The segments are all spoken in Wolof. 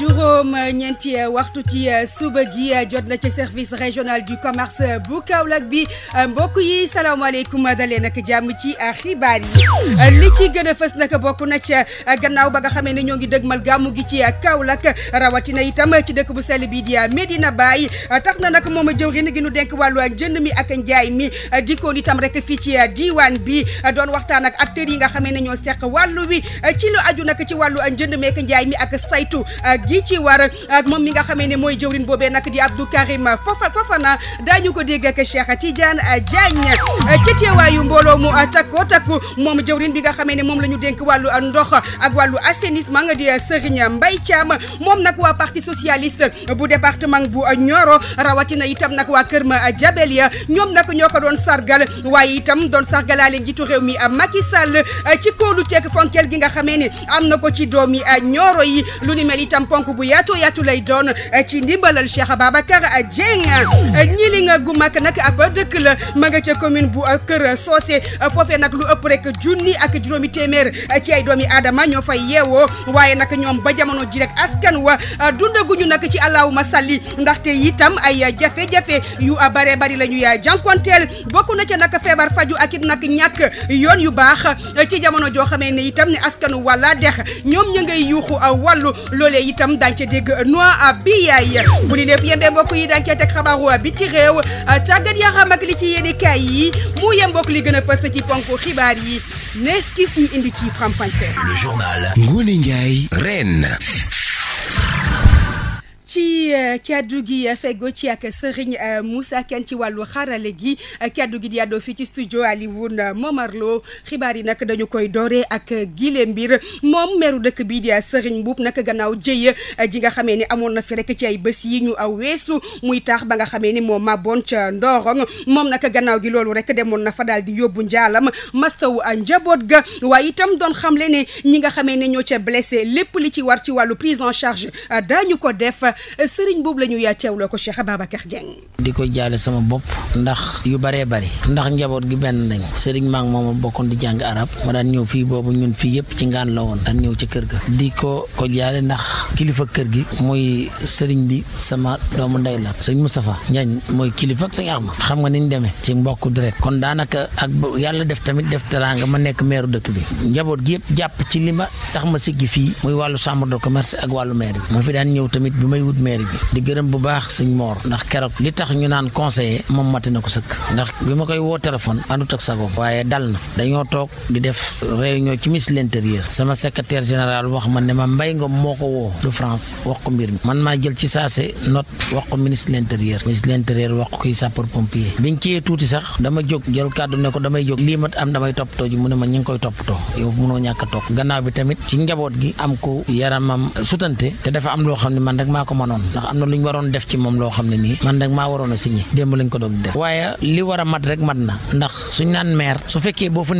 juróom ñeenti waxtu ci suba gi jot na ci service régional du commerce bu kawlak bi mbokk yi salaamaaleykum dalee nag jàmm ci xibaar yi li ci gën a fës nag bokk na ca gannaaw ba nga xamee ne ñoo ngi mal gàmmu gi ci Kaolack rawatina itam ci dëkk bu sell bii di Medina bàyyi tax na nag moom a jëwrin gi nu denk wàllu jënd mi ak njaay mi dikkoon itam rek fii ci diwaan bi doon waxtaan ak acteurs yi nga xamee ne ñoo seq wàllu wi ci aju nag ci wàllu njënd meek njaay mi ak saytu. yi ci war ak moom mi nga xamee ne mooy jëwrin boobee nag di Abdou Karim Fofa Fofana daañu ko dégg ak Cheikh Tidiane Diagne ci teewaayu mbooloo mu takko takku moom jëwrin bi nga xame ne moom la ñu dénk wàllu ndox ak wàllu assainissement nga di Serigne Mbaye ma moom nag waa parti socialiste bu département bu Nioro rawatina itam nag waa Kër Ma Jabel ya ñoom nag ñoo ko doon sargal waaye itam doon sargalaale njiitu réew mi Macky Sall ci kóolu ceeg gi nga xamee ne am na ko ci doomi yi lu ni mel itam ponk bu yaatu yaatu lay doon eh, ci ndimbalal Cheikh Babacar Dieng eh, ñiling gu mag nag ab dëkk la ma nga ca commune bu eh, Kër Socé foofee nag lu ëpp rek junni ak juróomi téeméer ci ay doomi aadama ñoo fay yeewoo waaye nag ñoom ba jamono ji rek askan wa dundaguñu nag ci allahuma salli ndaxte itam ay jafe-jafe yu bare bari la ñuy jànkonteel bokk na ca nag feebar faju ak it nag ñàkk yoon yu baax ci jamono joo xamee ne itam ne askanu walla dex ñoom ñu itam daañu ca dégg noix bi yaay bu ni lépp yi daañu teg xabaaru bi ci réew tàggat ah, yaram ak li ci yéeni kaay yi mu yem mbokk li gën ci ponk xibaar yi nees gis indi ci faram-fàcce. Le journal ci eh, kaddu gi eh, fego ci ak Serigne eh, Moussa Kane ci wàllu xarale gi keddu gi di àddoo fii ci studio Alioune Momar Lo xibaar yi nag dañu koy dooree ak gile mbir moom meeru dëkk bii di Serigne Mboup nag gannaaw jëye ji nga xamee ni amoon na fi rek ci ay bés yi ñu aw weesu muy taax ba nga xamee ni moom mabon ca Ndorong moom nag gannaaw gi loolu rek demoon na fa daal di yóbbu njaalam mastaw njaboot ga waaye itam doon xamle ne ñi nga xamee ne ñoo ca blessé lépp li ci war ci wàllu prise en charge daañu ko def. sëriñ boobu la ñu yaa ko Cheikh Ababacar Dieng. di ko jaale sama bopp ndax yu baree bari ndax njaboot gi benn nañu sëriñ maa ngi moom bokkoon di jàng arab ma daan ñëw fii boobu ñun fii yëpp ci ngaan la woon daan ñëw ci kër ga di ko ko jaale ndax kilifa kër gi muy sëriñ bi sama doomu ndey la sëriñ Moustapha Ndiagne mooy kilifa ak sëriñ Axma xam nga ni ñu demee ci mbokku deret kon daanaka ak yàlla def tamit def teraanga ma nekk meeru dëkk bi njaboot gi yëpp jàpp ci li ma tax ma siggi fii muy wàllu chambre de commerce ak wàllu maire bi ma fi daan ñëw tamit bi may wut mairie bi di gërëm bu baax sëñ Mor ndax keroog li tax ñu naan conseiller moom mati ko sëkk ndax bi ma koy woo téléphone àndut ak sagoom waaye dal na dañoo toog di def réunion ci ministre l'intérieur sama secrétaire général wax ma ne ma mbay nga moo ko woo du France wax ko mbir mi man maa jël ci saase note wax ko ministre l'intérieur ministre l'intérieur wax ko kii sapeur pompier biñ ciyee tuuti sax dama jóg jël kàddu ne ko damay jóg lii mat am damay toppatoo ji mu ma ñu gi ko yaramam sutante te dafa am loo xam ko mënoon ndax na lu ñu waroon def ci moom loo xam ne nii man nag maa waroon a signé démb lañ ko a mat rek mat na ndax suñ naan maire su fekkee boo boo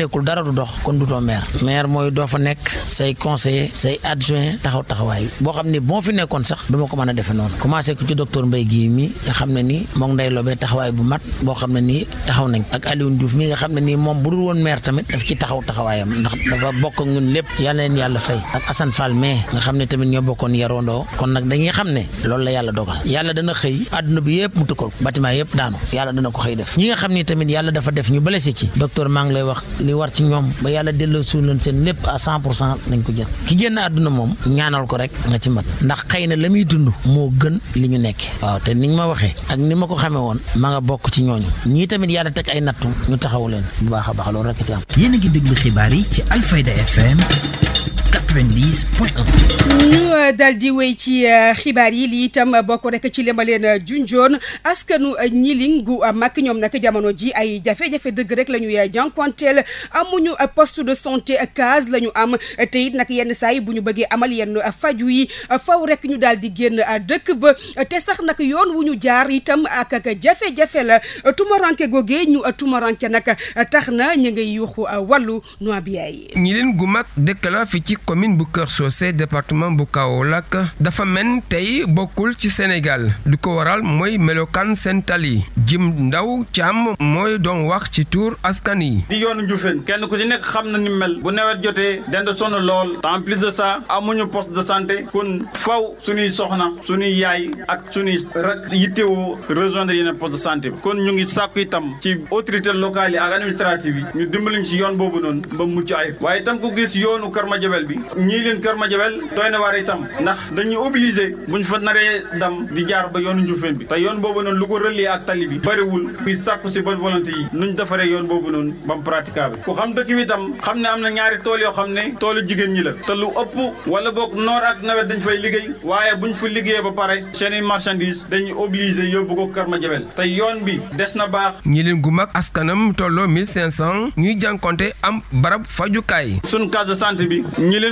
xam ne boo fi nekkoon sax du ko mën a defe noonu commencé ko ci docteur Mbaye Guèye mi nga xam ne nii moom nday lobee taxawaay bu mat boo xam ne nii taxaw nañ ak Alioune Diouf mi nga xam ne nii moom bu dul woon maire tamit daf ci taxaw taxawaayam ndax dafa bokk ñun lépp yal na leen yàlla fay ak Assane Fall mais nga xam ne tamit ñoo bokkoon yarondoo kon nag dañuy xam ne ne loolu la yàlla dogal yàlla dana xëy àdduna bi yëpp mu tukkal bâtiment yëpp daanu yàlla dana ko xëy def ñi nga xam ni tamit yàlla dafa def ñu blessé ci docteur maa wax li war ci ñoom ba yàlla delloo suul leen seen lépp à 100 pour cent nañ ko jël ki génn àdduna moom ñaanal ko rek nga ci mat ndax xëy na la muy dund moo gën li ñu nekk waaw te niñ ma waxee ak ni ma ko xamee woon ma nga bokk ci ñooñu ñii tamit yàlla teg ay nattu ñu taxawu leen bu baax a baax loolu rek ci am a 90 point 1. Euh, daal di wéy ci euh, xibaar yi lii itam bokk rek ci lemaleen euh, junjoon askanu ñiling gu mag ñoom nag jamono ji ay jafe-jafe dëgg rek la ñuy jànkuwanteel amuñu poste de santé case la ñu am te it nag yenn saa bu ñu bëggee amal yenn faju yi faw rek ñu daal di génn dëkk ba te sax nag yoon wu ñu jaar itam ak ak jafe-jafe la tumaranke googee ñu tumaranke nag tax na ñu ngay yuuxu wàllu noa bi yaay commune bu Kër Socé département bu kaw Kaolack dafa mel tey bokkul ci Sénégal lu ko waral mooy melokaan seen tali jim ndaw caam mooy doon wax ci tur askan yi. di yoon Ndioufène kenn ku ci nekk xam na ni mel bu nawet jotee dend sonn lool templi de sa amuñu poste de santé kon faw sunuy soxna suñuy yaay ak suñuy rak yittewoo rejoindre yeneen poste de santé kon ñu ngi sàkku itam ci autorité locale yi ak administrative yi ñu dimbaliñ ci yoon boobu noonu ba mucc waaye itam ku yoonu Kër Madiabel bi ñii leen Kër Madiabel doy na waar itam ndax dañuy obligé buñ fa naree dam di jaar ba yoonu Ndioufène bi te yoon boobu noonu lu ko relier ak tali bi bëriwul bi sàkku si bonne volonté yi nuñ defaree yoon boobu noonu ba mu praticable ku xam dëkk bi itam xam ne am na ñaari tool yoo xam ne toolu jigéen ñi la te lu ëpp wala boog noor ak nawet dañ fay liggéey waaye bu buñ fa liggéeyee ba pare seeni marchandise dañuy obligé yóbbu ko Kër Madiabel te yoon bi des na baax ñi leen gu mag askanam tolloo 1500 ñuy jànkonte am barab fajukaay suñ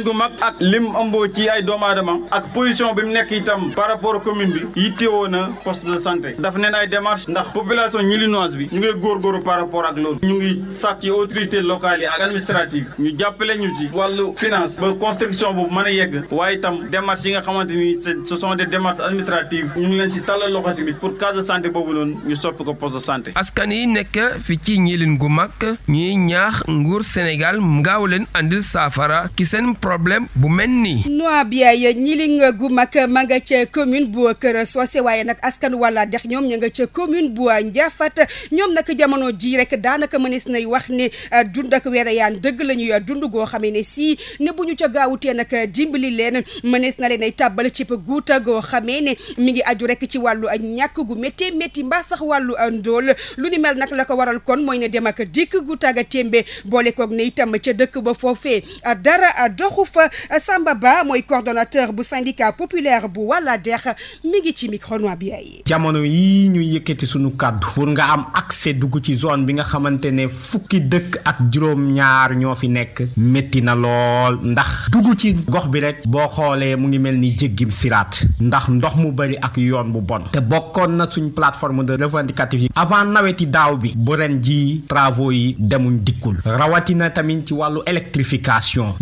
gu mag ak lim ëmboo ci ay doomu aadama ak position bi mu nekk itam par rapport commune bi yittewoo na poste de santé daf neen ay démarche ndax population ñilinoise bi ñu ngi góorgóorlu par rapport ak loolu ñu ngi sax ci autorité locale yi ak administrative ñu jàppale ñu ci wàllu finance ba construction boobu a yegg waaye itam démarche yi nga xamante ni ce sont des si tàllal loxo tamit pour case de santé boobu noonu ñu soppi ko poste de santé askan nekk fi ci ñilin gu mag ñuy ñaax nguur Sénégal mu andil saafara ki seen problème problème bu mel nii. Noabiaye ñiling gu mag ma nga ca commune bu Kër Socé waaye nag askan walla dex ñoom ña nga ca commune bu a Ndiafate ñoom nag jamono ji rek daanaka mënees nay wax ne ah, dund ak weerayaan dëgg lañu ñuy dund goo xamee ne sii ne bu ñu ca gaawutee nag dimbali leen mënees na leen ay tàbbal cib guuta goo xamee ne mi ngi aju rek ci wàllu ñàkk gu méttee métti mbaa sax wàllu ndóol lu ni mel nag la ko waral kon mooy na dem ak dikk gu tàgga témbe boole kook ne itam ca dëkk ba foofee ah, dara doxu Diouf Samba Ba mooy coordonnateur bu syndicat populaire bu wala dex mi ngi ci micro noir bi ay jamono yii ñu yëkkati suñu kàddu pour nga am accès dugg ci zone bi nga xamante ne fukki dëkk ak juróom-ñaar ñoo fi nekk métti na lool ndax dugg ci gox bi rek boo xoolee mu ngi mel ni jéggim siraat ndax ndox mu bëri ak yoon bu bon te bokkoon na suñ plateforme de revendicative yi avant naweti daaw bi bu ren ji travaux yi demuñ dikkul rawatina tamit ci wàllu électrification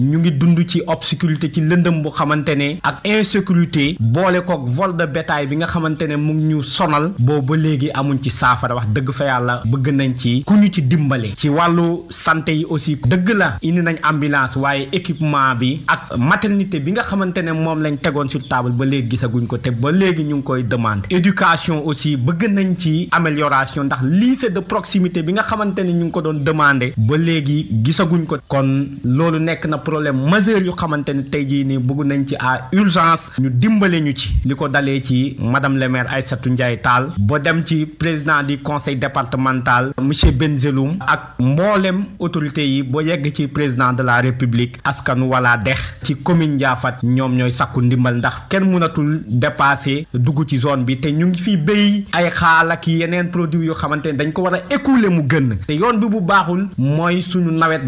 ci obscurité ci lëndëm bu xamante ne ak insécurité boole koog vol de bétail bi nga xamante ne mu ngi ñu sonal boobu ba léegi amuñ ci saafara wax dëgg fa yàlla bëgg nañ ci ku ñu ci dimbale ci wàllu santé yi aussi dëgg la indi nañ ambulance waaye équipement bi ak maternité bi nga xamante ne moom lañ tegoon sur table ba léegi gisaguñ ko te ba léegi ñu ngi koy demande éducation aussi bëgg nañ ci amélioration ndax lycée de proximité bi nga xamante ne ñu ngi ko doon demandé yu xamante ne tey jii nii bëgg nañ ci à urgence ñu dimbale ñu ci li ko dalee ci madame le maire Aïssatou Ndiaye taal boo dem ci président di conseil départemental monsieur Benzeloum ak mboolem autorité yi boo yegg ci président de la république askan wala dex ci commune Ndiaffate ñoom ñooy sakku ndimbal ndax kenn mënatul dépasser dugg ci zone bi te ñu ngi fi béy ay xaal ak yeneen produits yoo xamante ne dañ ko war a écouler mu gën te yoon bi bu baaxul mooy suñu nawet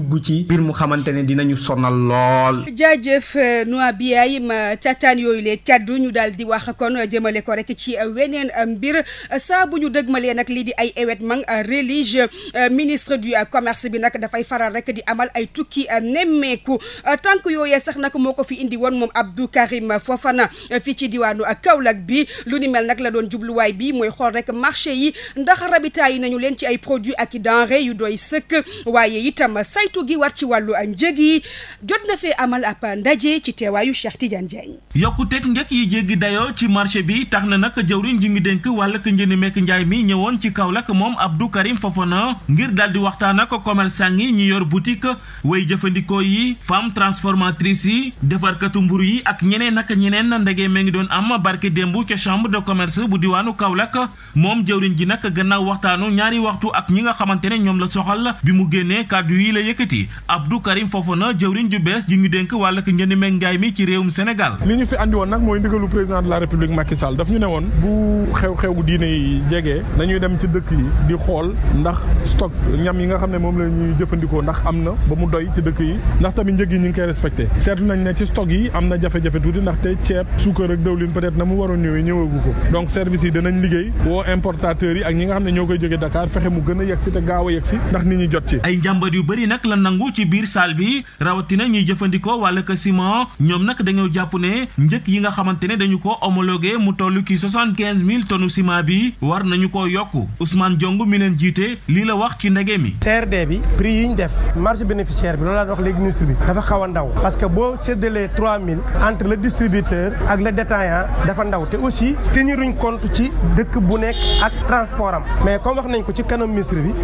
dugg ci mbir mu ne dinañu sonal lool. jaajëf euh, Noa Biaye ma càttaan yooyu lee kaddu ñu daal di wax kon jëmale ko rek ci weneen euh, mbir saa bu ñu dëgmalee nag lii di ay événement euh, religieux ministre du commerce bi nag dafay faral rek di amal ay tukki nemmeeku tànk yooyee sax nag moo ko fi indi woon moom Abdou Karim Fofana fii ci diwaanu ak Kaolack bi lu ni mel nag la doon jubluwaay bi mooy xool rek marché yi ndax rabitaay yi nañu leen ci ay produits ak denrées yu doy sëkk waaye itam say saytu gi war ci wàllu njëg yi jot na amal ab ndaje ci teewaayu Cheikh Tidiane Diagne. yokkuteeg njëg yi jéggi dayoo ci marché bi tax na nag jëwriñ ji ngi dénk wàllug njënd mekk njaay mi ñëwoon ci Kaolack moom Abdou Karim Fofana ngir daal di waxtaan ak commerçant yi ñu yor butik way jëfandikoo yi femme transformatrice yi defarkatu mburu yi ak ñeneen ak ñeneen ndege mee ngi doon am barke démb ca chambre de commerce bu diwaanu Kaolack moom jëwriñ ji nag gannaaw waxtaanu ñaari waxtu ak ñi nga xamante ne ñoom la soxal bi mu génnee kàddu yi la yëkk yëkkati Abdou Karim Fofana jëwriñ ju bees ji ñu dénk wàllug njënd meeg njaay mi ci réewum Sénégal. li ñu fi andi woon nag mooy ndigalu président de la république Macky Sall ñu ne woon bu xew-xew bu yi jege nañuy dem ci dëkk yi di xool ndax stock ñam yi nga xam ne moom la ñuy jëfandikoo ndax am na ba mu doy ci dëkk yi ndax tamit njëg yi ñu ngi koy respecté seetlu nañ ne ci stock yi am na jafe-jafe tuuti ndaxte ceeb suukar ak dëwlin peut-être na mu waroon ñëwee ñëwagu ko donc service yi danañ liggéey woo importateurs yi ak ñi nga xam ne ñoo koy jógee Dakar fexe mu gën a yegsi te gaaw a yegsi ndax nit ñi jot la nangu ci biir salle bi rawatina ñuy jëfandikoo wàll ka ciment ñoom nag dañoo jàpp ne njëkk yi nga xamante ne dañu ko homologué mu toll ki soixante quinze mille tonnes ciment bi war nañu ko yokk Ousmane Diong mi leen jiite lii la wax ci ndege mi. CRD bi prix yi ñu def marge bénéficiaire bi loolu laa wax léegi ministre bi dafa xaw a ndaw parce que boo séddalee trois mille entre le distributeur ak le détaillant dafa ndaw te aussi teniruñ compte ci dëkk bu nekk ak transport mais comme wax nañ ko bi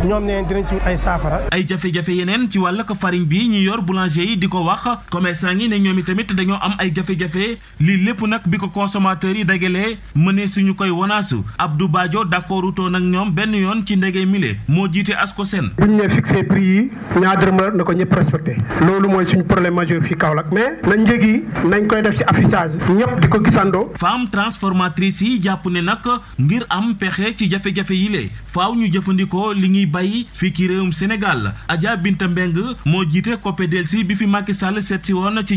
ñoom nee dinañ ci ci wàll ko farine bi ñu yor boulanger yi di ko wax commerçant yi ne ñoom tamit dañoo am ay jafe-jafe lii lépp nag bi ko consommateurs yi dajalee mënee suñu koy wanaasu Abdou Badio d'accord utoon nag ñoom benn yoon ci ndege mile moo jiite Ascosen. bu ñu nee fixé prix yi ñaar dërëm la na ko ñëpp respecté loolu mooy suñu problème majeur fii Kaolack mais na njëg yi nañ koy def ci affichage ñëpp di ko gisandoo. femme transformatrice yi jàpp ne nag ngir am pexe ci jafe-jafe yi faaw ñu jëfandikoo li ñuy bay fii ci réewum Mbengue moo jiite COPEDELSI bi fi Macky Sall seet si woon ci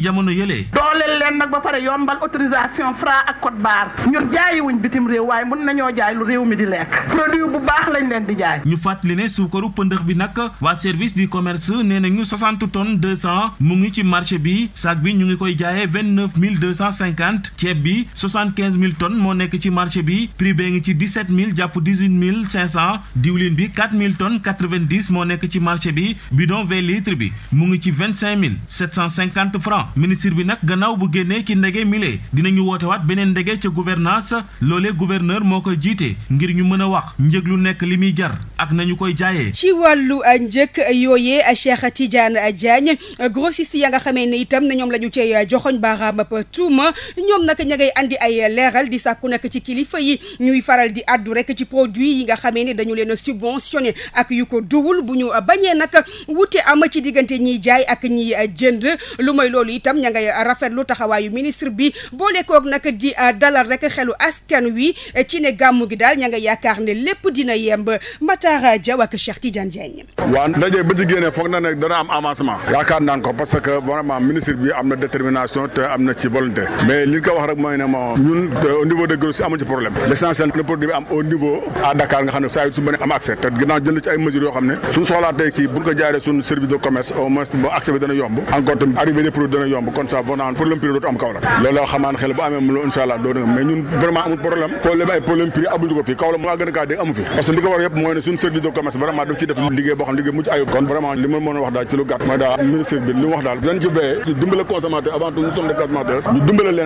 bi nag waa service du commerce nee nañu soixante tonnes deux cent mu ngi ci marché bi sac bi ñu ngi koy jaayee ceeb bi soixante moo nekk ci marché bi prix ngi ci jàpp diwlin bi quatre moo nekk ci marché bi bidon fay litre bi mu ngi ci vingt cinq mille sept francs ministre bi nag gannaaw bu génnee ci ndege mile dinañu wootewaat beneen ndege ca gouvernance loolee gouverneur moo koy jiite ngir ñu mën a wax njëg lu nekk li muy jar ak nañu koy jaayee. ci wàllu uh, njëkk uh, yooyee uh, Cheikh Tidiane Diagne grossiste ya nga xamee ne itam ne ñoom la ñu cay joxoñ baaraam ma ñoom nag ña ngay andi ay leeral di sàkku nag ci kilifa yi ñuy faral di addu rek ci produit yi nga xamee ne dañu leen a am ci diggante ñiy jaay ak ñiy euh, jënd lu mooy loolu itam ña ngay rafetlu taxawaayu ministre bi boole koog nag di euh, dalal rek xelu askan wi euh, ci ne gàmmu gi daal ña nga yaakaar ne lépp dina yemb Matar Diaw ak Cheikh Tidiane Diagne. waaw ndaje ba ci foog na ne dana am avancement. yaakaar naa ko parce que vraiment ministre bi am na détermination te am na ci volonté mais li ko wax rek mooy ne moo ñun au niveau de Gros si amuñu ci problème l'essentiel service de commerce au moins bon accès dana yomb encore tamit arrivé des produits dana yomb kon ça bonaan problème am problème problème ay problème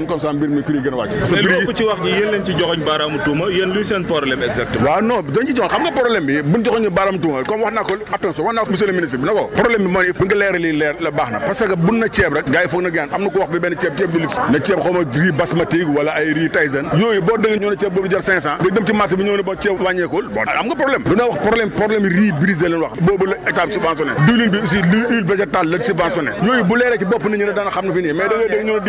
comme ça mbir a wàcc problème bi buñ joxoñ ñu tuuma comme wax naa ko attention wax naa ko monsieur le ministre bi na ko problème bi mooy nga leeral leer la baax na parce que bun na ceeb rek gars foog na gaan am na ko wax bi benn ceeb ceeb du luxe ceeb xaw ma riz basmatique ay riz Tyson yooyu boo dëggee ñoo ne ceeb boobu jar 500 nga dem ci marché bi ñëw ne boo ceeb wàññeekul am nga problème lu na wax leen wax boobu la état bi diwlin bi aussi l'huile végétale la subventionné yooyu bu leeree ci bopp nit ñi ne dana xam na fi nii mais da ngay ñoo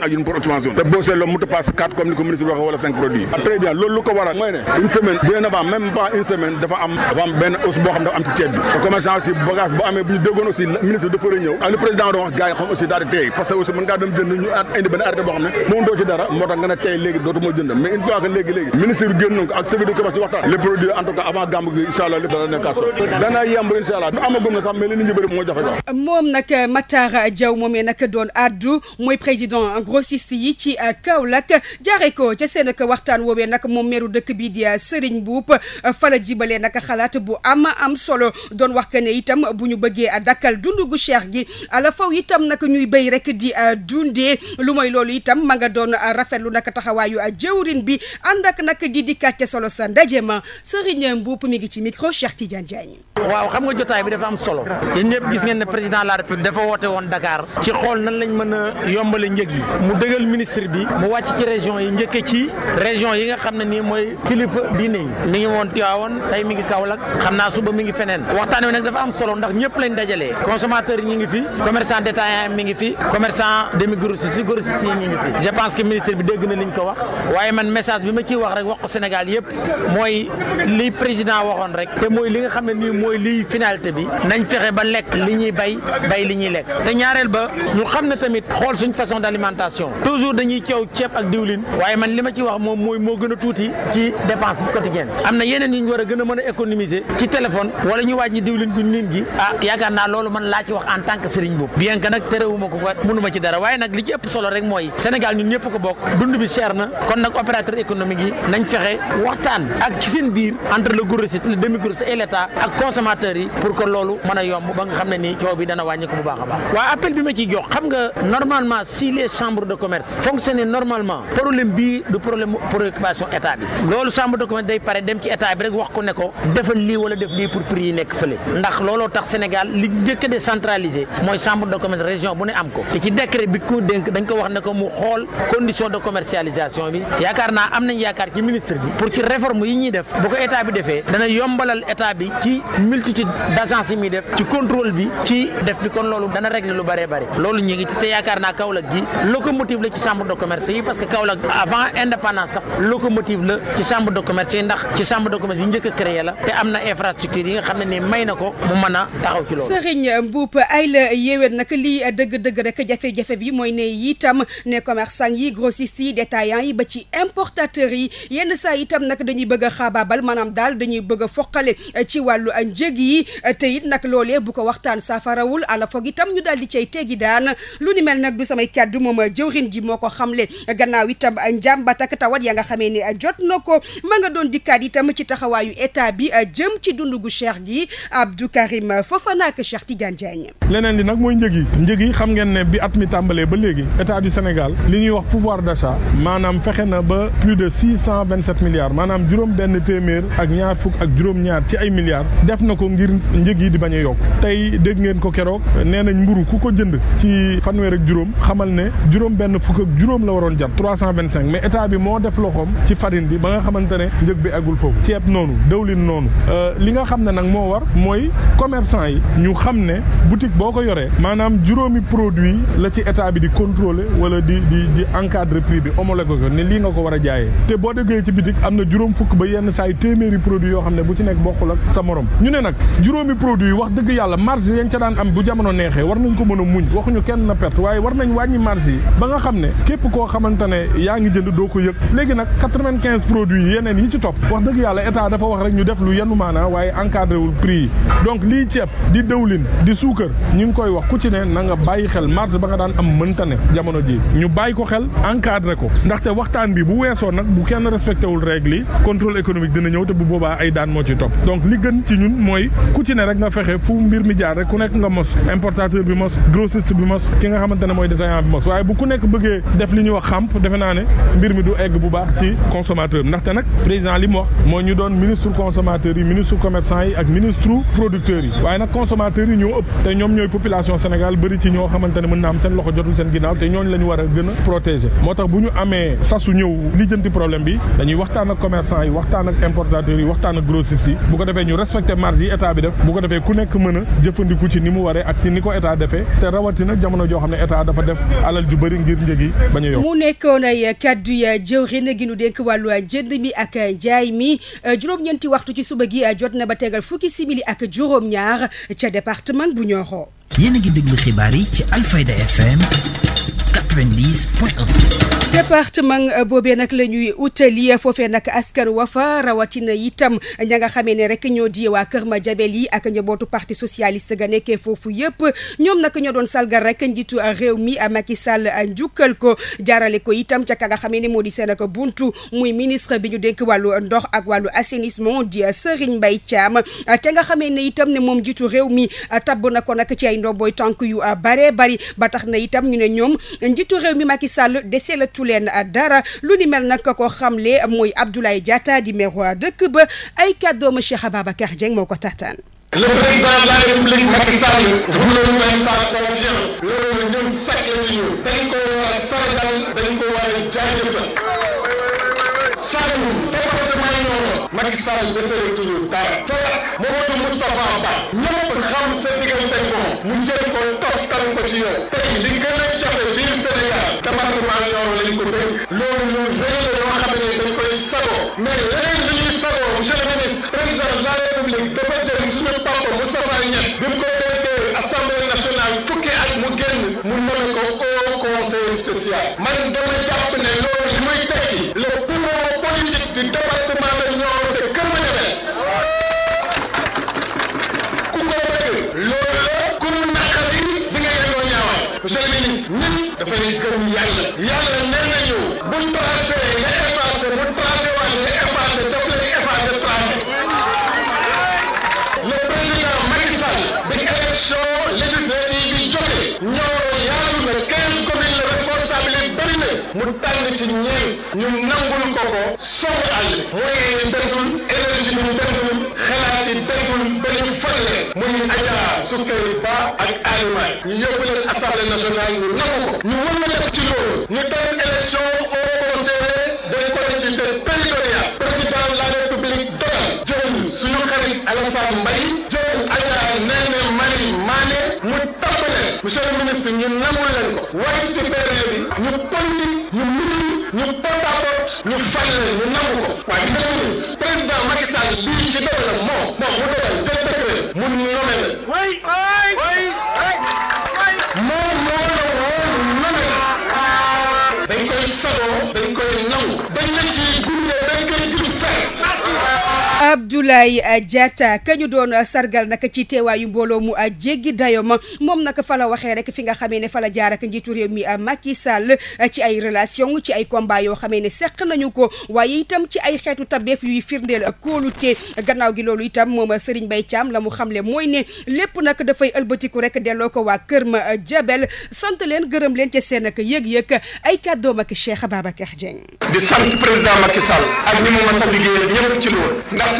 personne ak une consommation te boo seetloo mu passe quatre comme ni ko ministre waxee wala cinq produits très bien loolu lu ko waral mooy ne une semaine bien avant même pas une semaine dafa am dafa am benn hausse boo xam dafa am ci ceeb bi te commerçant aussi bagage bu amee bu ñu déggoon aussi ministre dafa war a ñëw ak ah, le président doon wax gars yi xam aussi daal di tey parce que aussi mën ngaa dem jënd ñu indi benn arrêté boo xam ne moom doo ci dara moo tax nga ne tey léegi dootu moo jënd mais une fois que léegi léegi ministre bi génn ko ak service de commerce ci waxtaan les produits en tout cas avant gàmmu gi incha allah lépp dana nekkaat so dana yemb incha allah amagum na sax mais li nit ñi bëri moo jafe moom nag Matar Diaw moom nag doon addu mooy président grossiste yi ci euh, Kaolack jaaree ko ca seen ak waxtaan woowee nag moom meeru dëkk bii di euh, Serigne Mboup euh, fala jibalee nag xalaat bu am am solo doon wax que ne itam bu ñu bëggee dakkal dund gu cher gi la faw itam nak ñuy béy rek di dundee lu mooy loolu itam ma nga doon rafetlu nag taxawaayu a jëwrin bi ànd ak nag di dikkaate solo sa ndaje ma Serigne Mboup mi ngi ci micro Cheikh Tidiane Diagne. waaw xam nga jotaay bi dafa am solo. yéen ñëpp gis ngeen ne président la république dafa woote woon Dakar. xool nan lañ mën a yombale njëg yi mu dëgal ministre bi mu wàcc ci région yi njëkke ci région yi nga xam ne nii mooy kilifa diine yi mi ngi woon Tiwaawoon tey mi ngi Kaolack xam naa suba mi ngi feneen waxtaan wi nag dafa am solo ndax ñëpp lañ dajalee consommateurs yi ñi ngi fi commerçant détaillant mi ngi fi commerçant demi grossiste yi grossiste yi ñi ngi fi je pense que ministre bi dégg na ñu ko wax waaye man message bi ma ciy wax rek wax ko Sénégal yëpp mooy li président waxoon rek te mooy li nga xam ne nii mooy liy finalité bi nañ fexe ba lekk li ñuy bay bay li ñuy lekk ñaareel ba ñu xam ne tamit xool suñ façon d'alimentation alimentation toujours dañuy ceew ceeb ak diwlin waaye man li ma ci wax moom mooy moo gën a tuuti ci dépense bu quotidienne am na yeneen yu ñu war a gën a mën a économiser ci téléphone wala ñu wàññi diwlin gu niin gi ah yaakaar naa loolu man laa ci wax en tant que sëriñ boobu bien que nag terewuma ko ko mënuma ci dara waaye nag li ci ëpp solo rek mooy Sénégal ñun ñëpp ko bokk dund bi cher na kon nag opérateur économique yi nañ fexe waxtaan ak ci seen biir entre le grossiste le ba nga xam ne nii coow bi dana wàññi ko bu baax a baax waa chambre de commerce normalement problème bii du problème préoccupation état bi loolu chambre de pare dem ci état bi rek wax ko ne defal lii wala def lii pour prix yi nekk fële ndax looloo tax Sénégal li njëkk a décentralisé mooy chambre de région bu ne am ko te ci décret bi ku dénk dañ ko wax ne mu xool condition de commercialisation bi yaakaar naa am nañ yaakaar ci ministre bi pour ci réforme yi ñuy def bu ko état bi defee dana yombalal d' agence yi locomotive la ci chambre de commerce yi parce que Kaolack avant indépendance sax locomotive la ci chambre de commerce yi njëkk a la te am na infrastructure yi nga xam ne ni may na ko mu mën a taxaw ci loolu. Serigne Mboup ay la yéwén nag lii dëgg-dëgg rek jafe-jafe bi mooy ne itam ne commerçant yi grossistes yi détaillants yi ba ci importateurs yi yenn saa itam nag dañuy bëgg a xaabaabal maanaam daal dañuy bëgg a foqale ci wàllu njëg yi te it jëwrin ji moo ko xamle gannaaw itam njàmbat ak tawat ya nga xamee ni jot na ko ma nga doon dikkaat tam ci taxawaayu état bi a jëm ci dund gu cher gi Abdou Karim Fofana ak Cheikh Tidiane Diagne. leneen li nag mooy njëg yi njëg yi xam ngeen ne bi at mi tàmbalee ba léegi état du Sénégal li ñuy wax pouvoir d'achat maanaam fexe na ba plus de six cent vingt sept milliards maanaam juróom benn téeméer ak ñaar fukk ak juróom-ñaar ci ay milliards def na ko ngir njëg yi di bañ a yokk tey dégg ngeen ko keroog nee nañ mburu ku ko juróom benn fukk ak juróom la waroon jar trois cent vingt cinq mais état bi moo def loxoom ci farine bi ba nga xamante ne njëg bi agul foofu ceeb noonu dëwlin noonu euh, li nga xam ne nag moo war mooy commercant yi ñu xam ne boutique boo ko yoree maanaam juróomi produit la ci état bi di contrôler wala di di di encadrer prix bi homologué ko ne lii nga ko war a jaayee te boo déggee ci boutique am na juróom fukk ba yenn saa téeméeri produit yoo xam ne bu ci nekk bokkul ak sa morom ñu ne nag juróomi produit yi wax dëgg yàlla marge yañ ca am bu jamono neexee war nañ ko mën a muñ waxuñu kenn na waaye war nañ wàññi marge yi ba nga xam ne képp koo xamante ne yaa ngi jënd doo ko yëg léegi nag quatre-vingt-quinze yeneen yi ci topp wax dëgg yàlla état dafa wax rek ñu def lu yenu maanaa waaye encadré wul prix yi donc lii ceeb di dëwlin di suukar ñu ngi koy wax ku ci ne na nga bàyyi xel marge ba nga daan am mënta ne jamono ji ñu bàyyi ko xel encadré ko ndaxte waxtaan bi bu weesoo nag bu kenn respecté wul règle yi contrôle économique dina ñëw te bu boobaa ay daan moo ci topp donc li gën ci ñun mooy ku ci fexe fu mbir mi jaar rek ku nekk nga mos bi mos grossiste xamante ne mooy détaillant bi mos ku nekk bëggee def li ñuy wax xamp defe naa ne mbir mi du egg bu baax ci consomateur ndaxte nag président li mu wax moo ñu doon ministre consommateur yi ministre commerçant yi ak ministre producteurs yi waaye nag consommateurs yi ñoo ëpp te ñoom ñooy population Sénégal bëri ci ñoo xamante ne mën na am seen loxo jotul seen ginnaaw te ñooñu la ñu war a gën a protéger moo tax bu ñu amee sasu ñëw lijjanti problème bi dañuy waxtaan ak commerçant yi waxtaan ak yi waxtaan ak grossistes ko defee ñu respecté marge yi bi def bu ko defee ku nekk mën a jëfandiku ni mu waree ak ci ni ko état defee te rawatina jamono joo xam ne état dafa def alal ju bëri mu nekkoon ay kaddu ya jëwrin gi nu dénk wàllu a jënd mi ak njaay mi juróom-ñeenti waxtu ci suba gi jot na ba tegal fukki simili ak juróom-ñaar ca département bu Nioro. yéen a ngi déglu xibaar yi ci Alfayda département boobee nag la ñuy utali foofe nag askan wa fa rawatina itam ña nga xamee ne rek ñoo di waa Kër ma Madiabel yi ak njabootu parti socialiste ga nekkee foofu yëpp ñoom nag ñoo doon salgal rek njiitu réew mi Macky Sall njukkal ko jarale ko itam ca ka nga xamee ne moo di seen ak buntu muy ministre bi ñu dénk wàllu ndox ak wàllu assainissement di Serigne Mbaye Thiam te nga xamee ne itam ne moom njiitu réew mi tab na ko nag ci ay ndox booy tànk yu baree bari ba tax na itam ñu ne ñoom njiitu réew mi Macky Sall dese la wattu leen dara lu ni mel nag ko xamle mooy Abdoulaye Diatta di maire dëkk ba ay kàddoom Cheikh Ababacar Dieng moo ko taataan. le président de la république Macky Sall voulons faire sa confiance. loolu ñun sàkk la ci ñun. dañ ko war a sargal dañ ko war a jaajëfal. mu jël ko ci yow tey li gën a jafe biir Sénégal te man maa ñoom lañ ko dégg loolu lu rëy la yoo koy sago mais leneen li ñuy sago ministre président la république dafa jël suñu papa Moustapha Niass bi mu ko déggee assemblée nationale fukki at mu génn mu nommé ko au conseil spécial man dama jàpp ne loolu li muy tekki le pouvoir politique du débat monsieur le ministre ñun dafay gëm yàlla yàlla nee nañu buñ tracé nga effacé bu tracé waat nga effacé daf lay le président Macky Sall bi élection législative ñoo yaalu na quinze communes la responsabilité mu tànn ci ñeent ñu nangul ko ko soobu àll mooy desul énergie bi ñu desul xalaat yi desul ba ñu fële muy Adja Ba ak Alima nationale ñu nangu ko ñu mën a def ci loolu ñu dem élection au conseil des collectivités territoriales président de la république dogal jël suñu xarit Alassane Mbaye jël Adja Néné Marie Mané mu tàbb leen monsieur ministre ñu nangu leen ko wàcc ci PV bi ponti ñu mujj ñu porte à porte ñu fay leen ñu ministre président Macky Sall ci dogalam moom moom mu dogal jël décret mu nommé Abdoulaye eh, Diatta ka ñu doon eh, sargal nag ci teewaayu mbooloo mu eh, jéggi dayo ma moom nag fa la waxee rek fi nga xamee ne fa la jaar ak njiitu réew mi Macky Sall ci ay relation ci ay combat yoo xamee ne seq nañu ko waaye itam ci ay xeetu tabeef yuy firndeel kóolute gannaaw gi loolu itam moom Serigne Mbaye Thiam la mu xamle mooy ne lépp nag dafay ëlbatiku rek delloo ko waa Kër Ma Jabel sant leen gërëm leen ci seen ak yëg-yëg ay kàddoom ak Cheikh Babacar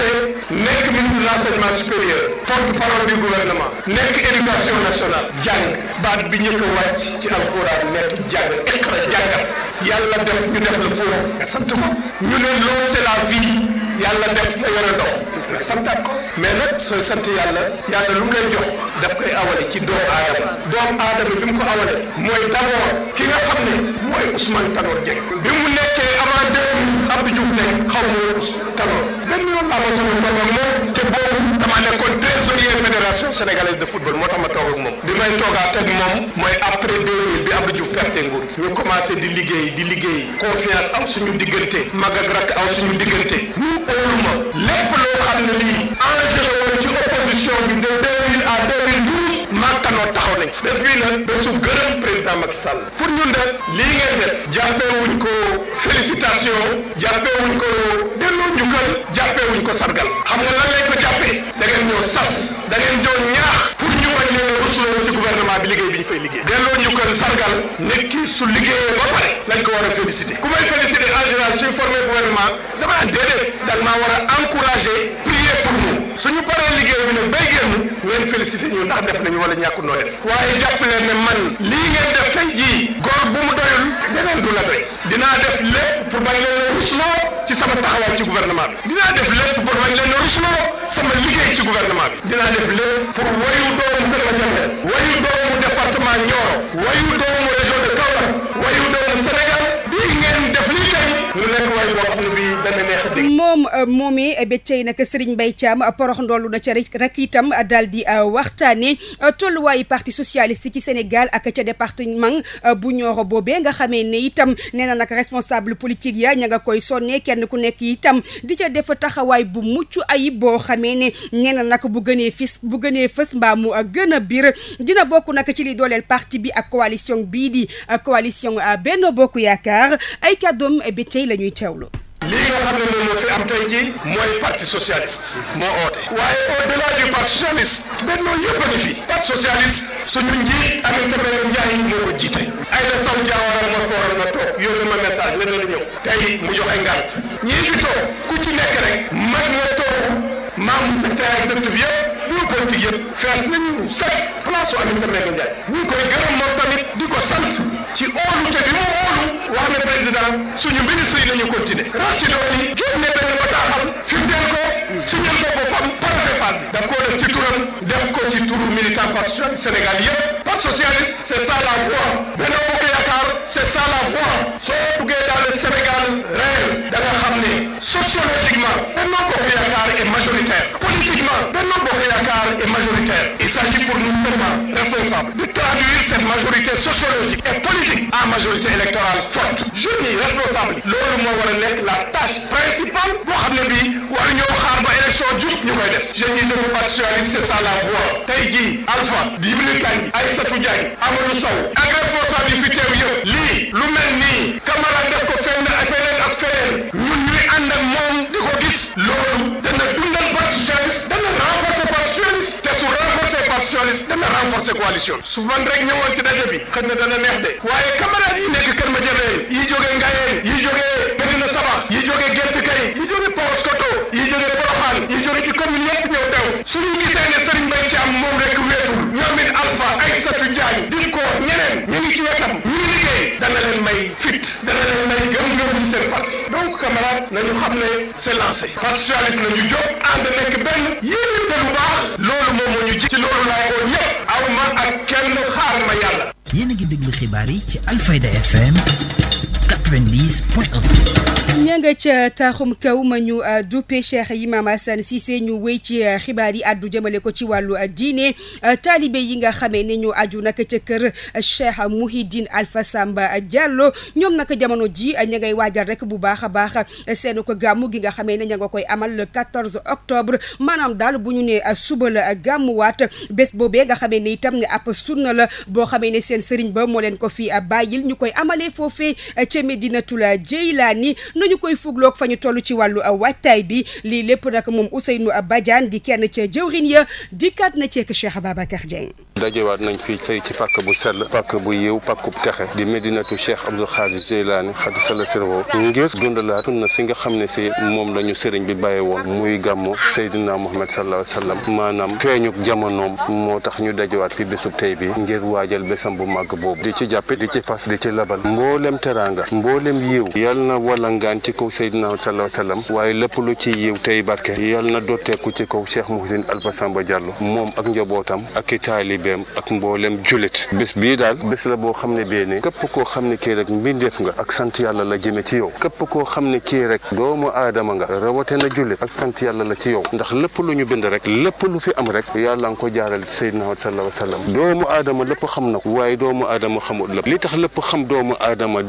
Cissé nekk ministre de l'enseignement supérieur porte-parole du gouvernement nekk éducation nationale jàng baat bi ñu ko wàcc ci alxuraan nekk jàng iqra jàngat yàlla def ñu def la foofu nga sant ko ñu ne loolu c'est la vie yàlla def nga yore ndox nga santaat ko mais nag sooy sant yàlla yàlla lu mu lay jox daf koy awale ci doomu aadama doomu aadama bi mu ko awale mooy d'abord ki nga xam ne mooy Ousmane Tanor Dieng bi mu nekkee avant deux Abdou Diouf tey xaw ma tàngoor benn yoon laa ma soxla toog ak moom te boobu damaa nekkoon trésorier fédération sénégalaise de football moo tax ma toog ak moom bi may toogaat ak moom mooy après deux mille bi Abdou Diouf perte nguur ñu commencé di liggéey di liggéey confiance am suñu diggante mag ak rakk aw suñu diggante ñu óolu ma lépp loo xam ne lii enjeu ci opposition bi de taxaw nañ ci bés bii nag président Macky Sall pour ñun nag lii ngeen def jàppee wuñ ko félicitation jàppee wuñ ko delloo njukkal jàppee wuñ ko sargal xam nga jàppee da ngeen ñoo sas da ngeen ñoo ñaax pour ñu bañ leen rusloo bi liggéey bi ñu fay liggéey delloo njukkal sargal nit ki su liggéeyee ba pare lañ ko war a féliciter ku may féliciter en général suñu formé gouvernement dama naan déedéet dag maa war a encourager prier pour nous suñu paree liggéey bi nag bay génn ngeen féliciter ñu ndax def nañu wala ñàkkul noo def waaye jàpp leen ne man lii ngeen def tey jii góor bu mu doyul leneen du la doy dinaa def lépp pour bañ leen a rusloo ci sama taxawaay ci gouvernement bi dinaa def lépp pour bañ leen a rusloo sama liggéey ci gouvernement bi dinaa def lépp pour wayu doomu Ndefleng Ndefleng wayu doomu département Nioro wayu doomu région de wayu doomu Sénégal bii def lii beneen waaye moom euh, moomee eh, bëccëg nag Serigne Mbaye Thiam porox ndoolu na ca rek itam daal di euh, waxtaanee euh, tolluwaayu parti socialiste ci Sénégal ak ca département bu Nioro boobee nga xamee ne itam nee na nag responsable politique ya ña nga koy sonnee kenn ku nekk itam di ca def taxawaay bu mucc ayib boo xamee ne nee nag bu gënee fis bu gënee fës mbaa mu gën a biir dina bokk nag ci li dooleel parti bi ak coalition bii di coalition benn Bokk Yaakaar ay kàddoom eh, bi tey la ñuy teewlu. lii nga xam ne moom moo fi am tey jii mooy parti socialiste moo oote waaye au delà parti socialiste bennoo yëpp a fi parti socialiste suñu njiit Aminata Mbengue Ndiaye moo ko jiite Aïda Sow Diawara ma foor na toog yónnee ma message la dana ñëw tey mu joxe ngànt ñii fi toog ku ci nekk rek mag nga toog membre secteur exécutif yëpp bureau politique yëpp fees nañu sec place su Aminata Mbengue Ndiaye ñu koy gërëm moom tamit di ko sant ci óolu te bi óolu wax ne président suñu ministre yi nañu continuer rax ci doon yi génne benn bataaxal firndeel ko signal na boppam projet passé daf koo def ci turam def ko ci turu militant parti socialiste Sénégal yëpp parti socialiste c' est ça la voie Benno Bokk ça la voie soo duggee dans le Sénégal réel da nga sociologiquement Benno Bokk majoritaire politiquement Benno il s'agit pour nous seulement responsables de traduire cette majorité sociologique et politique en majorité électorale forte jeunes responsable loolu a fexe ba élection jub ñu koy def jeunes yi de parti socialiste c'est ça la voie tey jii Alpha Djibril Kandji Aïssatou Diagne Amadou Sow ak responsable yi fi teew yëpp lii lu mel nii Camara def ko fenn a feneen ak feneen ñun ñuy ànd ak moom di ko gis loolu dana dundal parti dana renforcer parti te su renforcer parti socialiste dana renforcer coalition su man rek ñëwoon ci daje bi xëy na dana neex de waaye camarades yi nekk Kër Madiabel yi yi jógee Medina suñu gisee ne Serigne Mbaye Thiam moom rek weetul ñoom it Alpha Aïssatou Diagne di ko ñeneen ñu ngi ci wetam ñu ngi liggéey dana leen may fit dana leen may gëm-gëm seen parti donc camarade nañu xam ne c'est lancé parti socialiste nañu jóg ànd nekk benn yéene te lu baax loolu moom moo ñu loolu laay oo aw ma ak kenn xaar ma yàlla. yéen a ngi déglu xibaar yi ci Alfayda 90 ña nga ca taaxum kew ma ñu euh, duppe Cheikh Imam si Cissé ñu wéy ci euh, xibaar yi addu jëmale ko ci wàllu euh, diine taalibe yi nga xamee ne ñu aju nag ca kër Cheikh Mouhidine alfa Samba Diallo ñoom nag jamono ji ña ngay waajal rek bu baax a baax seen ko gàmm gi nga xamee ne ña nga koy amal le 14 octobre maanaam daal bu ñu nee suba la gàmmuwaat bés boobee nga xamee ne itam ne ab sunna la boo xamee ne seen sëriñ ba moo leen ko fi bàyyil ñu koy amalee foofee ca Medinatul Jeylaani nañu koy fugloog fa ñu toll ci wàllu aw wattaay bi lii lépp nag moom Ousseynou Badiane di kenn ca jëwrin ya dikkaat na ceek Cheikh Babacar Dieng dajawaat nañ fi tey ci pàkk bu sell pàkk bu yiw pàkkub texe di Medinatu Cheikh Abdoul Xaadir Jeylaani xadi sala sirwo ngir dundalaat na si nga xam ne si moom lañu ñu sëriñ bi bàyyi woon muy gàmmo Seydina Muhammad sallallahu alayhi wa sallam maanaam feeñuk jamonoom moo tax ñu dajewaat fi bésub tey bi ngir waajal bésam bu màgg boobu di ci jàppit di ci fas di labal mboolem teraanga mboolem yiw yal na walangaan ci kaw Seydina sallallahu alayhi wasallam waaye lépp lu ci yiw tey barke yal na dotteeku ci kaw Cheikh Mouhidine Alpha Samba Diallo moom ak njabootam ak i taalibeem ak mboolem julit bés bii daal bés la boo xam ne bii nii képp koo xam ne kii rek mbindeef nga ak sant yàlla la jëme ci yow képp koo xam ne kii rek doomu aadama nga na julit ak sant yàlla la ci yow ndax lépp lu ñu bind rek lépp lu fi am rek yàlla nga ko jaaral ci Seydina sallallahu alayhi wasallam doomu aadama lépp xam na ko waaye doomu aadama xamul lépp li tax lépp xam doomu aadama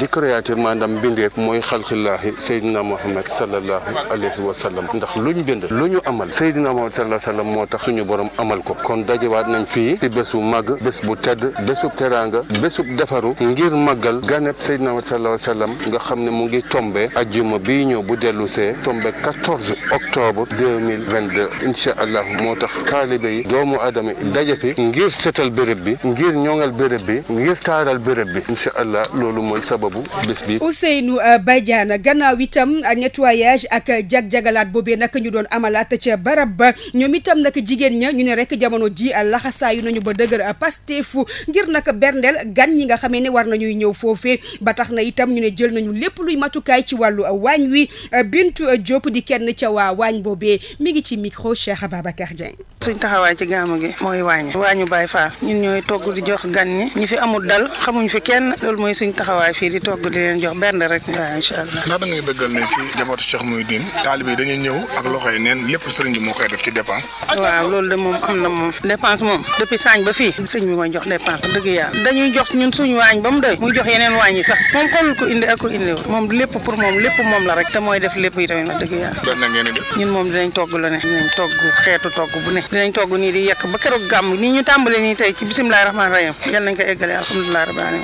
yërmandam bindeef mooy xalqillaahi Seydina Mohamed sallallahu alayhi wa sallam ndax lu ñu bind lu ñu amal Seydina Mohamed sallallahu alayhi wa sallam moo tax suñu borom amal ko kon dajewaat nañ fii ci bés bu màgg bés bu tedd bésub teraanga bésub defaru ngir màggal ganeb Seydina Mohamed sallallahu alayhi nga xam ne mu ngi tombe ajjuma bii ñëw bu dellu see tombe 14 octobre 2022 incha allah moo tax taalibe yi doomu aadama daje fi ngir setal béréb bi ngir ñoŋal béréb lii Ousseynou euh, Badiane gannaaw itam euh, nettoyage ak jag-jagalaat boobee nag ñu doon amalaat ca barab ba ñoom itam nag jigéen ña ñu ne rek jamono ji euh, laxasaayu nañu ba dëgër pastefu ngir nag berndeel gan ñi nga xamee ne war nañuy ñëw foofee ba tax na itam ñu ne jël nañu lépp luy matukaay ci wàllu waañ wi Bintu Diop di kenn ca waa waañ boobee mi ngi ci micro Cheikh Ababacar Dieng. suñ taxawaay ci gàmmu gi mooy waañ waañu Baay Faal ñun ñooy togg di jox gan ñi ñi fi amul dal xamuñ fi kenn loolu mooy suñ taxawaay di togg leen jox benn rek waaw incha allah. da ngay dëggal ne ci jabootu Cheikh Mouhidine taalibe yi dañuy ñëw ak loxo yi lépp sëriñ bi moo koy def dëgg yàlla dañuy jox ñun suñu waañ ba mu doy muy jox yeneen waañ yi sax moom xoolul ko indi ak indi moom lépp pour moom lépp moom la rek te mooy def lépp yi tamit dëgg yàlla. di def. ñun moom dinañ togg la ne dinañ togg xeetu togg bu ne dinañ togg nii di yekk ba keroog gàmm nii ñu tàmbalee nii tey ci bisimilah rahmaani rahim yal nañ ko eggale alhamdulilah rabbil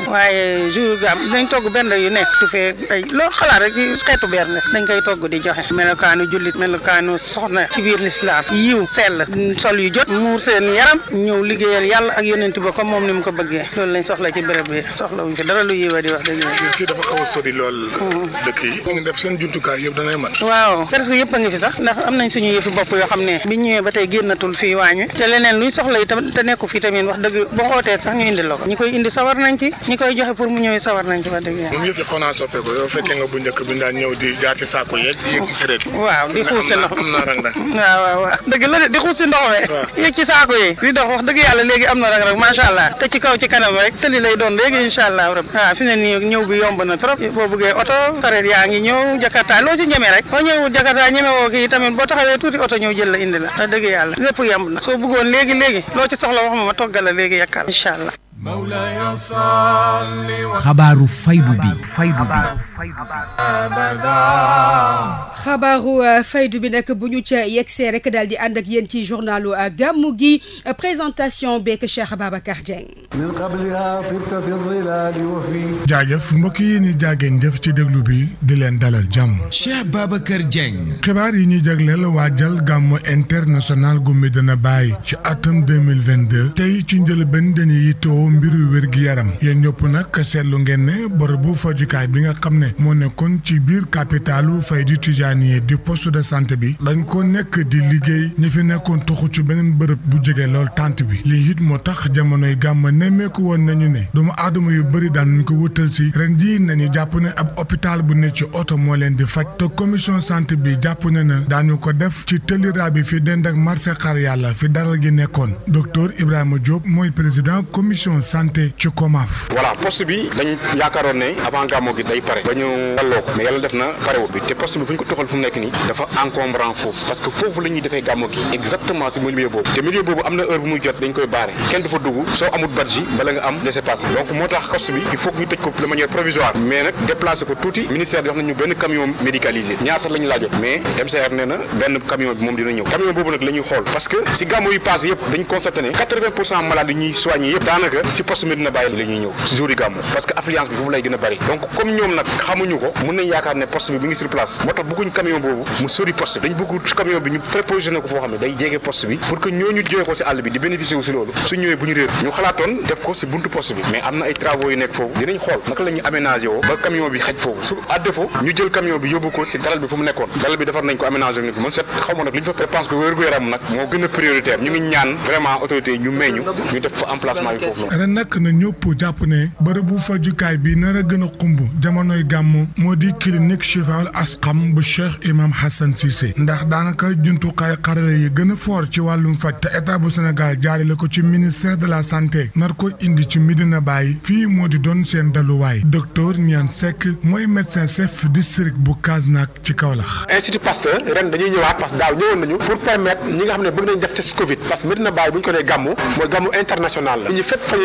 yu nekk su fee ay loo xalaat rek xeetu beer ne dañ koy togg di joxe melokaanu jullit melokaanu soxna ci biir lislaam yiw sell sol yu jot muur seen yaram ñëw liggéeyal yàlla ak yonent ba comme moom ni mu ko bëggee loolu lañ soxla ci béréb bi soxla wuñ ko dara lu yiwa di wax dëgg fii dafa a sori lool hmm. dëkk yi ñu ngi def seen jumtukaay yëpp danay mën waaw presque yëpp a ñëwee ba tey génnatul fii waañ wi te leneen luy soxla itam te nekku fii wax dëgg boo sax ñu indi la ko koy indi sawar nañ ci ñi koy joxe pour mu ñëwee sawar nañ ci wax dëgg ci xonaa soppeeku yow fekkee nga bu njëkk bi daan ñëw di jaar ci saako yeeg yéeg ci sëreet. waaw waaw dëgg la de di xuus ndox mi. waaw ci saako yi. di dox wax dëgg yàlla léegi am na rang rang macha allah te ci kaw ci kanam rek tëli lay doon léegi incha allah rab fi ne ñëw bi yomb na trop boo bëggee oto sareet yaa ngi ñëw jakarta loo ci ñeme rek boo ñëwul jakarta ñeme woo kii tamit boo taxawee tuuti oto ñëw jël la indi la wax dëgg yàlla lépp yomb na soo bëggoon léegi léegi loo ci soxla wax ma ma xabaaru faydu bi euh, faydu bi nag bu ñu ca yegsee rek daal di ànd ak yéen ci journalu euh, gàmmu gi euh, présentation beeg Cheikh Babacar Dieng. jaajëf mbokk yi ni jaageen jëf ci déglu bi di leen dalal jàmm. Cheikh Babacar Dieng. xibaar yi ñu ñuy waa waajal gàmmu international gu Medina Baye ci atum deux mille vingt deux tey ci njëlbeen taxawu mbiru wér gi yaram yéen ñëpp nag seetlu ngeen ne bërëbu fajukaay bi nga xam ne moo nekkoon ci biir capitalu Faydu Tijaani di poste de sant bi dañ ko nekk di liggéey ñi fi nekkoon toxu ci beneen bërëb bu jege lool tànt bi lii it moo tax jamonoy gàmm nemmeeku woon nañu ne doomu aadama yu bëri daan nañ ko wëtal si ren jii nañu jàpp ne ab hôpital bu ne ci oto moo leen di faj te commission sant bi jàpp ne na daañu ko def ci tëliraa bi fi dend ak marché xar yàlla fi daral gi nekkoon santé ci Komaaf. voilà poste bi dañ yaakaaroon ne avant gàmmu gi day pare ba ñu ko mais yàlla def na parewut bi te poste bi fu ñu ko toxal fu mu nekk nii dafa encombrant foofu parce que foofu la ñuy defee gàmmu gi exactement si milieu boobu te milieu boobu am na heure bu muy jot dañ koy baare kenn du fa dugg soo amul badge bala nga am laissez-passer donc moo tax poste bi il ñu tëj ko provisoire mais nag déplacé ko tuuti ministère bi wax si poste Medina Baye la ñuy ñëw si jour yi gàmmu parce que affluence bi foofu lay gën a bari donc comme ñoom nag xamuñu ko mën nañ yaakaar ne poste bi mi ngi sur moo tax bëgguñ camion boobu mu sori poste bi ñu prépositionné ko bi pour que ko si su ñëwee bu ñu réer ñu xalaatoon def ko si buntu poste bi mais am na ay travaux yu nekk foofu dinañ xool naka la ñu aménagé ba camion bi xaj foofu su à défaut ñu jël camion bi yóbbu ko si ren nag na ñëpp jàpp ne bu fajukaay bi nar a gën a xumb jamonoy gàmm moo di clinique Chifaul Asqam bu Cheikh Imam Hassan Cissé ndax daanaka jumtukaay xarale yi gën foor ci wàllum faj te état bu Sénégal jaarale ko ci ministère de la santé nar ko indi ci na bàyyi fii moo di doon seen daluwaay docteur Niane Seck mooy médecin chef district bu Kasnak ci Kaolack. Institut Pasteur ren dañuy ñëwaat parce que daaw ñëwoon nañu pour permettre ñi nga xam def test Covid parce que Medina Baye bu ñu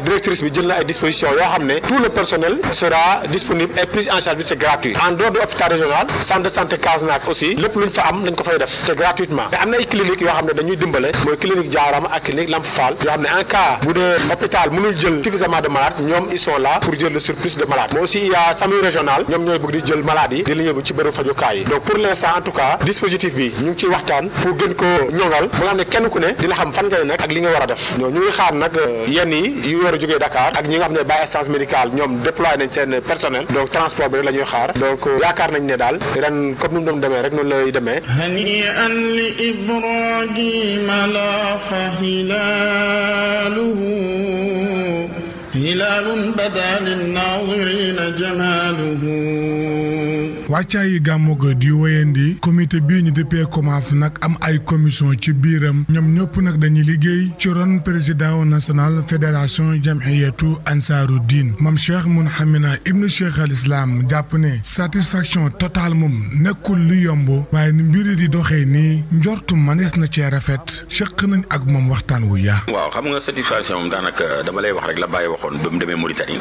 directrice bi jël na ay dispositions yoo xam ne tout le personnel sera disponible et prise en charge bi c'est gratuit en dehors de l'hôpital régional centre de santé Casenac aussi lépp luñ fa am lañ ko fay def te gratuitement te am na ay cliniques yoo xam ne dañuy dimbale mooy clinique Diarama ak clinique Lamp yoo xam ne en cas bu dee hôpital mënul jël suffisamment de malades ñoom ils sont pour jël le de malades mais aussi il a SAMU régional ñoom ñu war a jógee Dakar ak ñi nga xam ne ba assistance médicale ñoom déployé nañ seen personnel donc transport bi rek la xaar donc yaakaar nañ ne daal ren comme ni demee rek noonu lay demee هنيئا لإبراهيم لاح هلاله هلال بدا للناظرين wàccaayu gàmmu ga di wéyandi comité bii ñu dëppee COMAF nag am ay commission ci biiram ñoom ñëpp nag dañuy liggéey ci ron président national fédération jamhiyatu ansaaru diin moom Cheikh Mounhamina ibnu Cheikh al Islam jàpp ne satisfaction totale moom nekkul lu yomb waaye ni mbiri di doxee nii njortu manees na cee rafet seq nañ ak moom waxtaan wu yaa. waaw xam nga satisfaction moom daanaka dama lay wax rek la bàyyi waxoon ba mu demee Mauritanie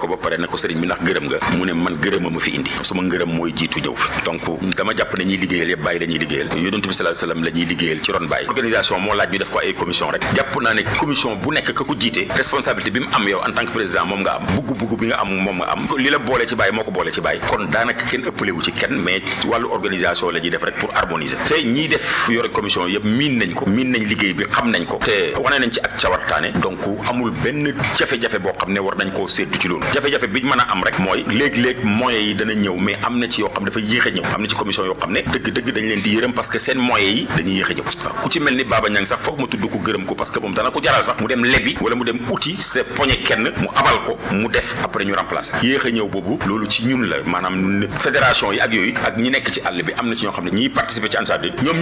ko ba pare na ko sëriñ bi nga mu ma fi sama ngërëm mooy jiitu ñëw fi donc dama jàpp ne ñuy liggéeyal yëpp bàyyi la ñuy liggéeyal yonent bi sallallahu alayhi wasallam la ñuy liggéeyal ci ron bàyyi organisation moo laaj ñu def ko ay commission rek jàpp naa ne commission bu nekk ka ko jiite responsabilité bi mu am yow en tant que président moom nga am bugg-bugg bi nga am moom nga am li la boole ci bàyyi moo ko boole ci bàyyi kon daanaka kenn ëppale wu ci kenn mais wàllu organisation la ñuy def rek pour harmoniser te ñiy def yore commission yëpp miin nañ ko miin nañ liggéey bi xam nañ ko te wane nañ ci ak cawartaane donc amul benn jafe-jafe boo xam ne war nañ koo séddu ci loolu jafe-jafe bi mën a am rek mooy léeg-léeg moyens yi dana ñëw ñëw mais am na ci yoo xam dafa yéex a ñëw am na ci commission yoo xam ne dëgg dëgg dañ leen di yërëm parce que seen moyens yi dañuy yéex a ñëw waaw ku ci mel ni Baba Niang sax foog ma tudd ko gërëm ko parce que moom dana ko jaral sax mu dem lebi wala mu dem uti sa poñe kenn mu abal ko mu def après ñu remplacer yéex a ñëw boobu loolu ci ñun la maanaam fédération yi ak yooyu ak ñi nekk ci àll bi am na ci ñoo xam ne ñiy participer ci Ansar Dine ñoom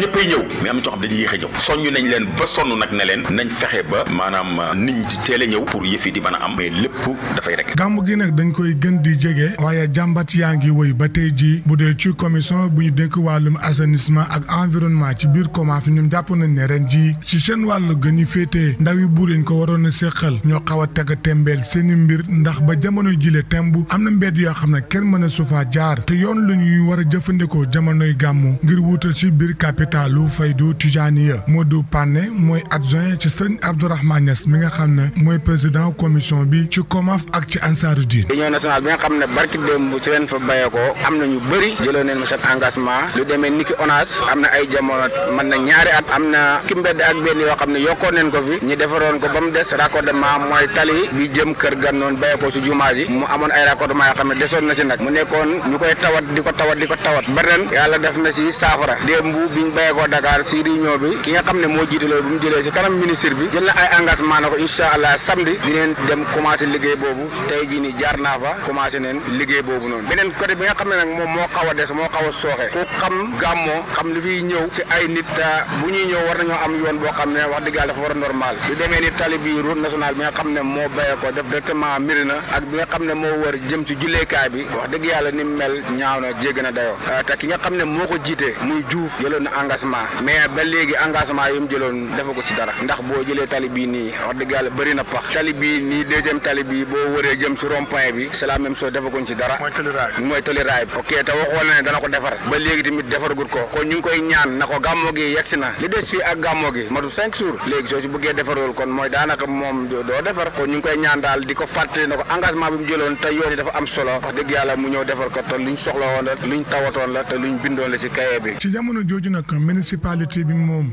na ñoo a ñëw soññ nañ leen ba sonn nag ne di teel a ñëw pour yëf wëy ba tey jii bu dee ci commission bu ñu dénk wàllum assainissement ak environnement ci biir COMAF ñoom jàpp nañ ne ren jii ci seen wàllu gën ñu féetee ndaw yi buuréñ ko waroon a séqal ñoo xaw a teg a tembeel seeni mbir ndax ba jamono jile temb am na mbedd yoo xam ne kenn mën a sufa jaar te yoon la ñuy war a jëfandikoo jamonoy gàmmu ngir wuutal ci biir fay capitalu Faydu moo du Pané mooy adjoint ci seen Abdourahmane Niass mi nga xam ne mooy président commission bi ci COMAF ak ci fayeekoo am na ñu bëri jëloon nañ ma seen engagement lu demee niki ONAS am na ay jamono mën na ñaari at am na ki mbedd ak benn yoo xam ne yokkoon nañ ko fi ñu defaroon ko ba mu des raccordement mooy tali bi jëm kër gan noonu bayeekoo si jumaa ji mu amoon ay raccordement yoo xam ne desoon na si nag mu nekkoon ñu koy tawat di ko tawat di ko tawat ba ren yàlla def na si saafara démb biñ bayeekoo Dakar si réunion bi ki nga xam ne moo jiite loolu bu mu jëlee si kanam ministre bi jël na ay engagement na ko incha allah samedi côté bi nga xam ne nag moom moo xaw a des moo xaw a sooxe ku xam gàmmoo xam li fiy ñëw si ay nit bu ñuy ñëw war nañoo am yoon boo xam ne wax dëgg dafa war a normal lu deme ni tali bi route national bi nga xam ne moo bayee ko def directement Mirina ak bi nga xam ne moo wër jëm si julleekaay bi wax dëgg yàlla ni mel ñaaw na jégg na dayoo euh, te ki nga xam ne moo ko jiite muy Diouf jëloon na engagement mais ba léegi engagement yi mu jëloon defa ko ci dara ndax boo jëlee tali bii nii wax bëri na pax tali bii nii deuxième tali bi boo wëree jëm si rond point bi c'est la même chose defaguñ ci dara toli raay bi ok te waxoon na ne dana ko defar ba léegi tamit defaragut ko kon ñu ngi koy ñaan na ko gàmmoo gi yegsi na li des fii ak gàmmoo gi matu cinq jours léegi soo ci bëggee defarul kon mooy daanaka moom doo defar kon ñu ngi koy ñaan daal di ko fàttali na ko engagement bi mu jëloon te yoon yi dafa am solo wax dëgg yàlla mu ñëw defar ko te luñ soxla woon la luñ tawatoon la te luñ bindoon la ci kaye bi ci jamono jooju nag municipalité bi moom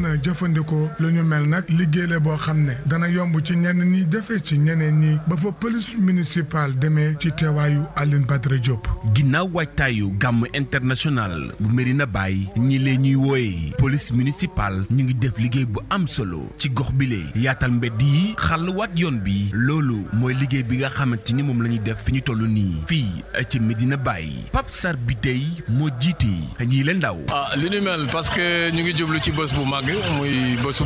euh, a jëfandikoo ne dana yomb ci ñenn ñi jafe ci ñeneen ñi ba fa police municipale demee ci teewaayu Aline Badara Diop. ginnaaw waajtaayu gàmm international bu Medina bàyyi ñi lee ñuy wooyee police municipale ñu ngi def liggéey bu am solo ci gox bi lee yaatal mbedd yi xàlluwaat yoon bi loolu mooy liggéey bi nga xamante ni moom la ñuy def fi ñu toll nii fii ci Medina bàyyi Pape Sarr bi tey moo jiite ñii leen ndaw. ah li ni mel parce que ñu ngi jublu ci bés bu màgg muy bésu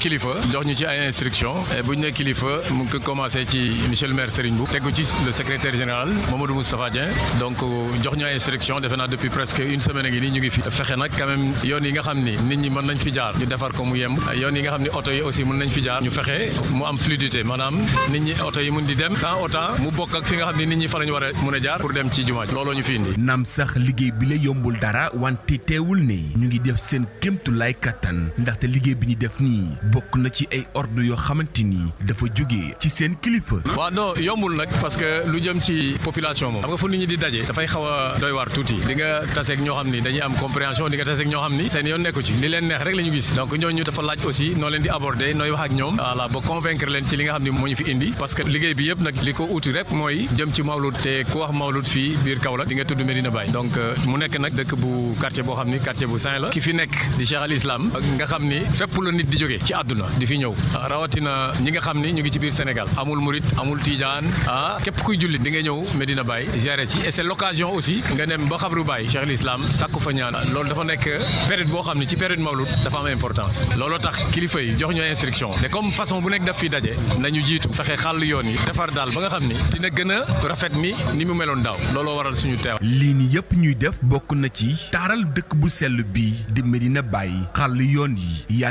kilifa jox ñu ci ay instruction bu ñu ne kilifa mu ngi ko commencé ci monsieur le maire Serigne Mboup tegu ci le secrétaire général Mamadou Moustapha Dieng donc jox ñu ay instruction defe naa depuis presque une semaine ngi nii ñu ngi fi fexe nag quand même yoon yi nga xam ni nit ñi mën nañ fi jaar ñu defar ko mu yemb yoon yi nga xam ni oto yi aussi mën nañ fi jaar ñu fexe mu am fluidité maanaam nit ñi oto yi mun di dem sans autant mu bokk ak fi nga xam ni nit ñi fa lañu war a mun a jaar pour dem ci jumaa ji looloo ñu fi indi naam sax liggéey bi la yombul dara wante teewul ñu ngi def seen kémtu lay kattan ndaxte liggéey bi ñu def nii bokk ci ay ordre yoo xamante ni dafa jógee ci seen kilifa. waaw non yombul nag parce que lu jëm ci population moom xam nga fu nit ñi di daje dafay xaw a doy waar tuuti di nga taseeg ñoo xam ni dañuy am compréhension di nga taseeg ñoo xam ni seen yoon nekku ci li leen neex rek la ñu gis donc ñooñu dafa laaj aussi noo leen di aborder nooy wax ak ñoom voilà ba convaincre leen ci li nga xam ni moo ñu fi indi parce liggéey bi yëpp nag li ko uti rek mooy jëm ci mawlud te ku wax mawlud fii biir Kaolack di nga tudd Medina Baye donc euh, mu nekk nag dëkk bu quartier boo xam ni quartier bu saint la ki fi nekk di Cheikh al Islam nga àdduna fi ñëw rawatina ñi nga xam ni ñu ngi ci biir Sénégal amul murit amul tiijaan ah képp kuy jullit di nga ñëw Medina Baye ziare ci et c'est aussi nga dem ba xabru Baye Cheikh l'Islam sàkku fa ñaan loolu dafa nekk période boo xam ne ci période mawlud dafa am importance looloo tax kilifa yi jox ñu instruction te comme façon bu nekk daf fi daje nañu jiitu fexe xàll yoon yi defar daal ba nga xam ni dina gën a rafet ni ni mu meloon daaw looloo waral suñu teew lii ni yëpp ñuy def bokk na ci taaral dëkk bu sell bi di Medina Baye xàll yoon yi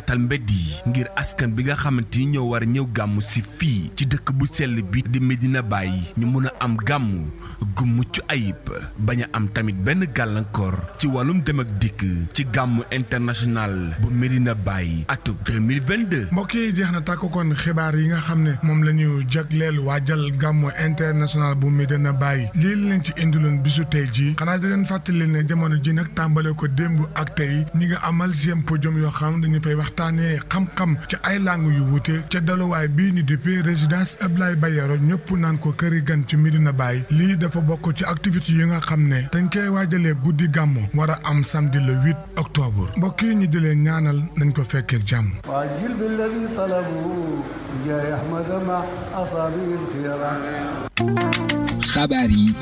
askan bi nga xamante ni ñoo war a ñëw gàmm si fii ci dëkk bu sell bi di Medina Baye ñu mun a am gàmm gu mucc ayib bañ am tamit benn gàllankoor ci wàllum dem dikk ci gàmm international bu Medina Baye atub 2022. mbokk yi jeex na tàkk kon xibaar yi nga xam ne moom la ñu waa waajal gàmmu international bu na bàyyi lii leen ci indiloon bisu tey jii xanaa di leen fàttali ne jamono ji nag tàmbale ko démb ak tey ñi nga amal seen podium yoo xam dañu fay waxtaanee xam-xam ci ay làng yu wute ca daluwaay bii ni duppee résidence Ablaye Bayero ñëpp naan ko këri gan ci na bàyyi lii dafa bokk ci activité yi nga xam ne dañ koy waajalee guddi gàmmu war a am samedi le 8 octobre mbokk yi ñu di leen ñaanal nañ ko fekkee jàmm xabaar yi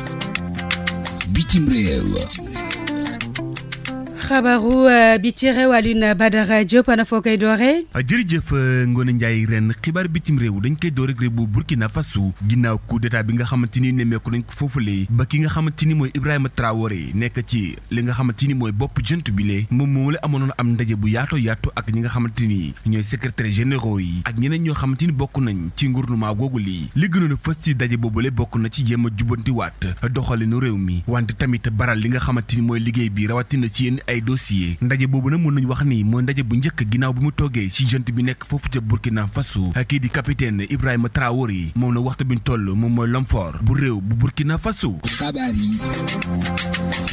xabaru eh, bi ci réew Alioune Badara foo koy dooree. Ah, jërëjëf eh, Ngone Ndiaye ren xibaar bitim réew dañ koy door ak réew bu Burkina Faso ginnaaw coup d'état bi nga xamante ni nemmeeku nañ ko foofulee ba ki nga xamante ni mooy Ibrahima Traoré nekk ci li nga xamante ni mooy bopp jënt bi le moom moomu la amoon am ndaje bu yaatoo yaatu ak ñi nga xamante ni ñooy secrétaire généraux yi ak ñeneen ñoo xamante ni bokk nañ ci ngurnement googu lii li gënoon a fës ci daje boobule bokk na ci jéem a jubbantiwaat doxalinu réew mi wante tamit baral li nga xamante ni mooy liggéey bi rawatina ci yenn ay ay dossier ndaje boobu nag mën nañu wax ni mooy ndaje bu njëkk ginnaaw bi mu toogee ci jent bi nekk foofu ca Burkina Faso kii di capitaine Ibrahima Traoré moom na waxtu bi ñu toll moom mooy l'homme fort bu réew bu Burkina Faso. xabaar yi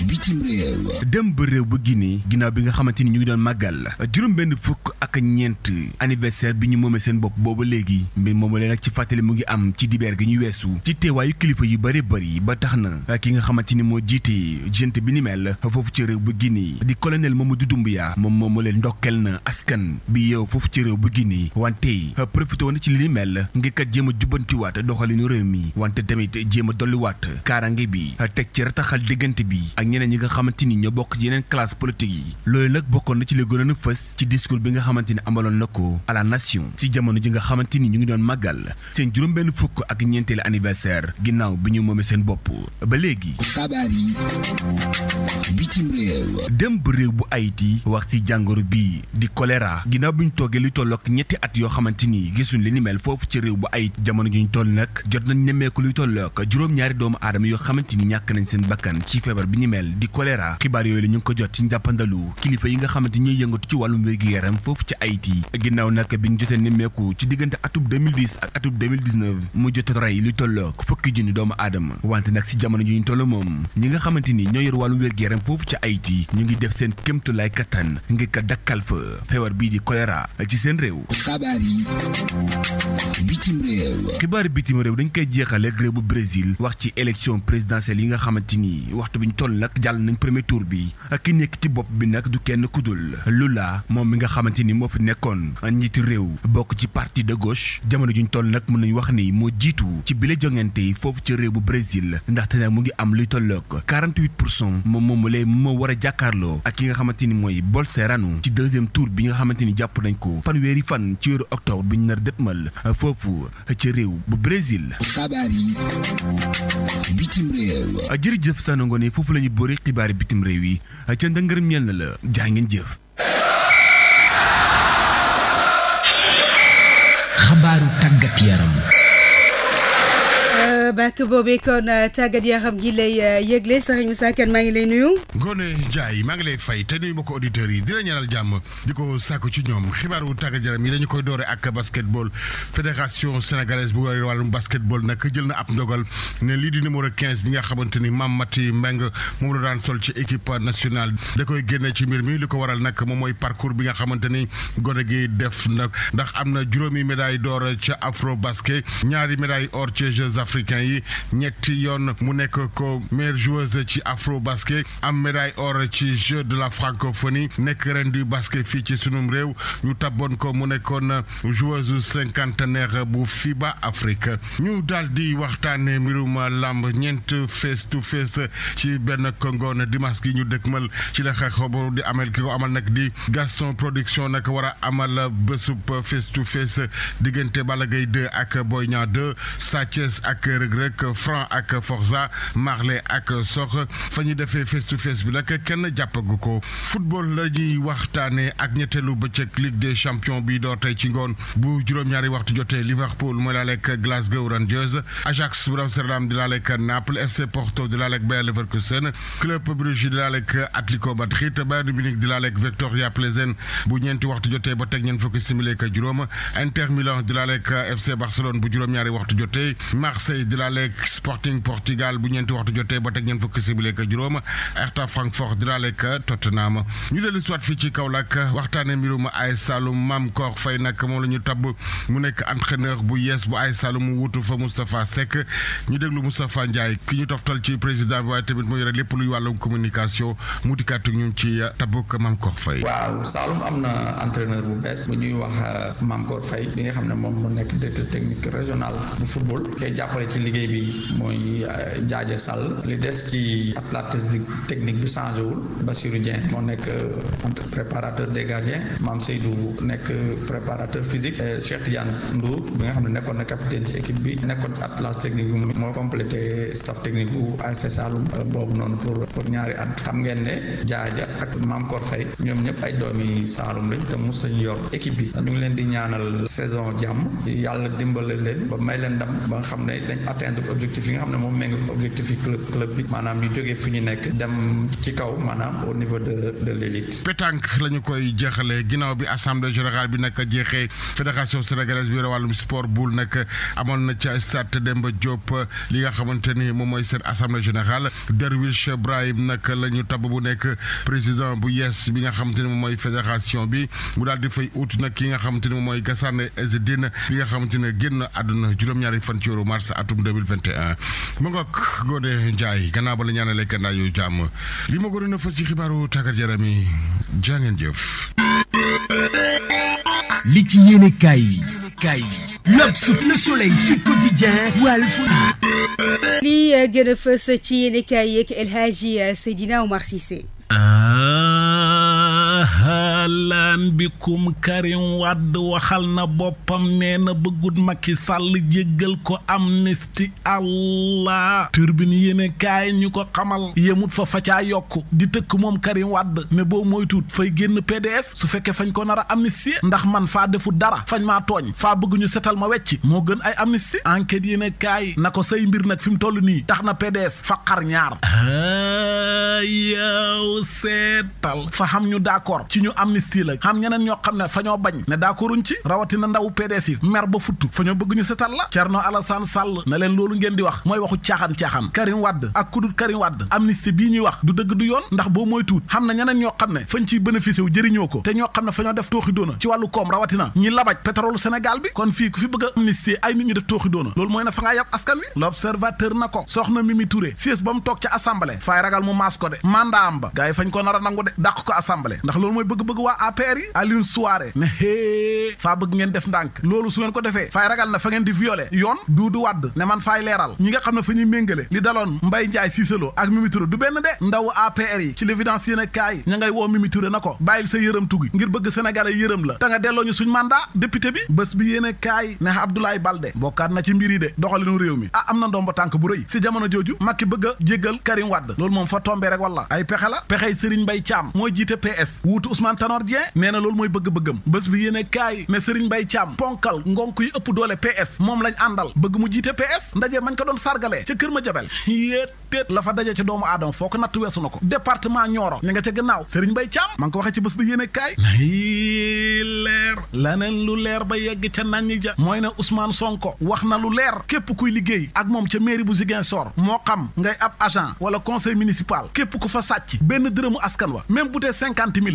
bitim réew. dem ba réew bu Guinée ginnaaw bi nga xamante ni ñu ngi doon màggal juróom benn fukk ak ñeent anniversaire bi ñu moomee seen bopp booba léegi mbir moomu leen nag ci fàttali mu ngi am ci dibeer gi ñu weesu ci teewaayu kilifa yu bëri bëri ba tax na ki nga xamante ni moo jiite jent bi ni mel foofu ca réew bu Guinée di colonel Mamadou Doumbouya moom moo mu leen ndokkel na askan bi yow foofu ci réew bu Guinée wante profité na ci li mel ngir kat a jubbantiwaat doxalinu réew mi wante tamit jéem a dolliwaat kaaraange bi teg ci rataxal diggante bi ak ñeneen ñi nga xamante ni ñoo bokk ci yeneen classe politique yi loolu nag bokkoon na ci li gënoon a fës ci discours bi nga xamante ni amaloon na ko à la nation ci jamono ji nga xamante ni ñu ngi doon màggal seen juróom-benn fukk ak ñeenteelu anniversaire ginnaaw bi ñu moomee seen bopp ba léegi. xabaar bu réew bu Haïti wax ci jàngoro bii di choléra ginnaaw bi ñu toogee lu tollook at yoo xamante ni gisuñ li ni mel foofu ci réew bu Haïti jamono ji ñu toll nag jot nañ nemmeeku lu tollook juróom-ñaari doomu aadama yoo xamante ni ñàkk nañ seen bakkan ci feebar bi ni mel di choléra xibaar yooyu la ngi ko jot ci njàppandalu kilifa yi nga xamante ñooy yëngatu ci wàllum wér-gu-yaram foofu ci Haïti ginnaaw nag bi ñu jotee nemmeeku ci diggante atub 2010 ak atub 2019 mu jot rey lu tollook fukki junni doomu aadama wante nag ci jamono ji ñu moom ñi nga xamante ni ñoo yor def seen kémtulaay kattan ngir ko dakkal fa feebar bii di choléra ci seen réew. xabaar yi bitim réew. xibaar bitim réew dañ koy jeexale réew bu Brésil wax ci élection présidentielle yi nga xamante ni waxtu bi ñu toll nag jàll nañ premier tour bi ak ki nekk ci bopp bi nag du kenn lu Lula moom mi nga xamante ni moo fi nekkoon njiitu réew bokk ci parti de gauche jamono juñ toll nag mën nañu wax ni moo jiitu ci bile jongante yi foofu ci réew bu Brésil ndaxte nag mu ngi am luy tolloog 48 pour cent moom moomu lay moo war a jàkkaarloo. Morlo ak ki nga xamante ni mooy Bolcerano ci deuxième tour bi nga xamante ni jàpp nañ ko fanweeri fan ci weeru octobre bi ñu nar dëtmal euh, foofu euh, ci réew bu Brésil. xabaar yi bitim réew. Euh, jërëjëf foofu la ñu bëri xibaar bitim réew yi ca ndëngërëm ñeel na la jaa ngeen jëf. bàkk boobee kon euh, tàggat yaram gi lay euh, yëgle Serigne Moussa Kane maa ngi lay nuyu. Ngone Ndiaye maa ngi lay fay te nuyu ma ko auditeurs yi dina ñaanal jàmm di ko sàkku ci ñoom xibaaru tàggat yaram yi dañu koy dooree ak basketball fédération sénégalaise bu wàllu wàllum basketball nag jël na ab ndogal ne lii di numéro 15 bi nga xamante ni Mame Maty Mbengue moom la daan sol ci équipe nationale da koy génne ci mbir mi li ko waral nag moom mooy parcours bi nga xamante ni gone gi def nag ndax am na juróomi médaille d'or ca Afrobasket ñaari médaille or ci Jeux yi ñetti yoon mu nekk ko meilleure joueuse ci afro basket am médaille or ci jeu de la francophonie nekk ren du basket fii ci sunum réew ñu tabboon ko mu nekkoon joueuse cinquantenaire bu ba Afrique ñu daal di waxtaane mbirum làmb ñeent face to ci benn kongoon dimanche gi ñu dëkkmal ci la xabaru di amal ki ko amal nag di Gaston production nag war a amal bésub face diggante bala Gaye 2 ak Boy Niang 2 Sa Thiès rëg-rëg franc ak forza marley ak sox fa ñu defee face to face bi nag kenn jàppagu ko football la ñuy waxtaane ak ñetteelu bëccëg ligue des champions bi door tey ci ngoon bu juróom-ñaari waxtu jotee liverpool mooy laaleeg glasgow rangers ajax bu amsterdam di laaleeg naples fc porto di laaleeg bayer leverkusen club bruges di laaleeg atlético madrid bayern munich di laaleeg victoria plzen bu ñeenti waxtu jotee ba teg ñeent fukki simili ak juróom inter milan di laaleeg fc barcelone bu juróom-ñaari waxtu jotee dalaaleeg Sporting Portugal bu ñeenti waxtu jotee ba teg ñeent fukki sibileeg juróom Hertha Francfort dalaaleeg Tottenham ñu dellu si waat fii ci Kaolack waxtaanee nag moom la ñu tabb mu nekk entraîneur bu yees bu AS Saloum mu wutu fa Moustapha Seck ñu déglu Moustapha Ndiaye ki ñu toftal ci président bi waaye tamit mu yore lépp luy wàllum communication mu dikkaat ñun ci tabuk Mame Cor Faye. waaw Saloum am na entraîneur bu bees bu ñuy wax euh, Mame Cor Faye bi xam ne moom mu nekk directeur technique football liggéey bi mooy jaaje euh, sàll li des ci aplatiste technique bi changé wul Bassirou Dieng moo nekk euh, entre préparateur des gardiens Mame Seydou nekk euh, préparateur physique Cheikh Tidiane Ndour bi nga xam ne nekkoon na capitaine ci équipe bi nekkoon aplatiste technique bi moo complété staff technique bu ASC Saloum boobu noonu pour pour ñaari at xam ngeen ne jaaja ak Mame Kor Faye ñoom ñëpp ay doomi Saloum lañ te mos lañu yor équipe bi ñu leen di ñaanal saison jàmm yàlla dimbale atteindre objectif yi nga xam moom de de l'élite pétanque la ñu koy bi assemblée générale bi nag jeexee fédération sénégalaise bi wàllum sport boule nag na ca stade Demba li nga xamante ni moom mooy seen assemblée générale Derwish Brahim nag la ñu tabb bu bu yees bi nga xamante ni moom mooy fédération bi mu daal di fay ut nag ki nga xamante ni moom mooy a Ezzedine bi nga xamante ne génn àdduna juróom-ñaari fan mars atum 2021 ma ngoog Gode Ndiaye gannaaw ba la ñaanalee gannaaw yu jàmm li ma gënoon a fës ci xibaaru tàggat yaram yi jaa ngeen jëf. li ci yéene kaay yi kaay yi. L'Obs, Le Soleil, Sud Quotidien, Walf. lii euh, gën a fës ci yéene kaay yeeg El Hadji euh, Seydina Omar Cissé. Ah. halaan bikum Karim Wade waxal na boppam nee na bëggut Macky Sall jéggal ko amnistie allah turbine yéene kaay ñu ko xamal yemut fa facaa yokk di tëkk moom Karim Wade mais boo moytuut fay génn PDS su fekkee fañ ko nar a amnistie ndax man faa defu dara fañ maa tooñ faa bëgguñu setal ma wecc moo gën ay amnistie enquête yéene kaay na ko say mbir nag fi mu toll nii tax na PDS fa xar ñaar seetal fa xam ñu d'accord d'accord ci ñu amnistie la xam ñeneen ñoo xam ne fa ñoo bañ ne d'accorduñ ci rawatina ndaw PDS mer ba futt fa ñoo bëgg ñu setal la Thierno Alassane Sall na leen loolu ngeen di wax mooy waxu caaxaan-caaxaan Karim Wade ak kudut Karim Wade amnistie bii ñuy wax du dëgg du yoon ndax boo mooy tuut xam na ñeneen ñoo xam ne fañ ciy bénéficié wu jëriñoo ko te ñoo xam ne fa ñoo def tooxi doona ci wàllu koom rawatina ñi labaj pétrole Sénégal bi kon fii ku fi bëgg loolu mooy bëgg-bëgg waa APR yi Alioune Souaré ne hee faa ngeen def ndànk loolu su ngeen ko defee fay ragal na fa ngeen di yoon duudu wàdd man faay leeral ñi nga xam ne fa ñuy méngale li daloon Mbaye Ndiaye ak Mimi du benn de ndaw APR yi ci l'évidence yéen a kaay ngay woo Mimi na ko bàyyil sa yërëm tugi ngir bëgg sénégalais yërëm la te nga delloo ñu suñ mandat député bi bés bi yéen a kaay ne Abdoulaye Balde bokkaat na ci mbir yi de doxalinu réew mi ah am na ndomba tànk bu rëy si jamono jooju Macky bëgg a jéggal Karim Wade loolu moom fa tombee rek walla ay pexe la pexey Serigne Mbaye Thiam mooy jiite PS wuutu Ousmane Tanor Dieng nee na loolu mooy bëgg-bëggam bés bi yéen e kaay ne Serigne Mbaye Thiam ponkal ngonk yi ëpp doole PS moom lañ àndal bëgg mu jiite PS ndaje mañ ko doon sargalee ca kër ma jabel yéetéet la fa daje ci doomu aadama foo ko natt weesu na ko département ñooro ña nga ca gannaaw Serigne bay Thiam ma ngi ko waxee ci bés bi yéen e kaay leer laneen lu leer ba yegg ca nañ ja mooy ne Ousmane Sonko wax na lu leer képp kuy liggéey ak moom ca mairie bu Ziguinchor moo xam ngay ab agent wala conseil municipal képp ku fa sàcc benn dërëmu askan wa même bu dee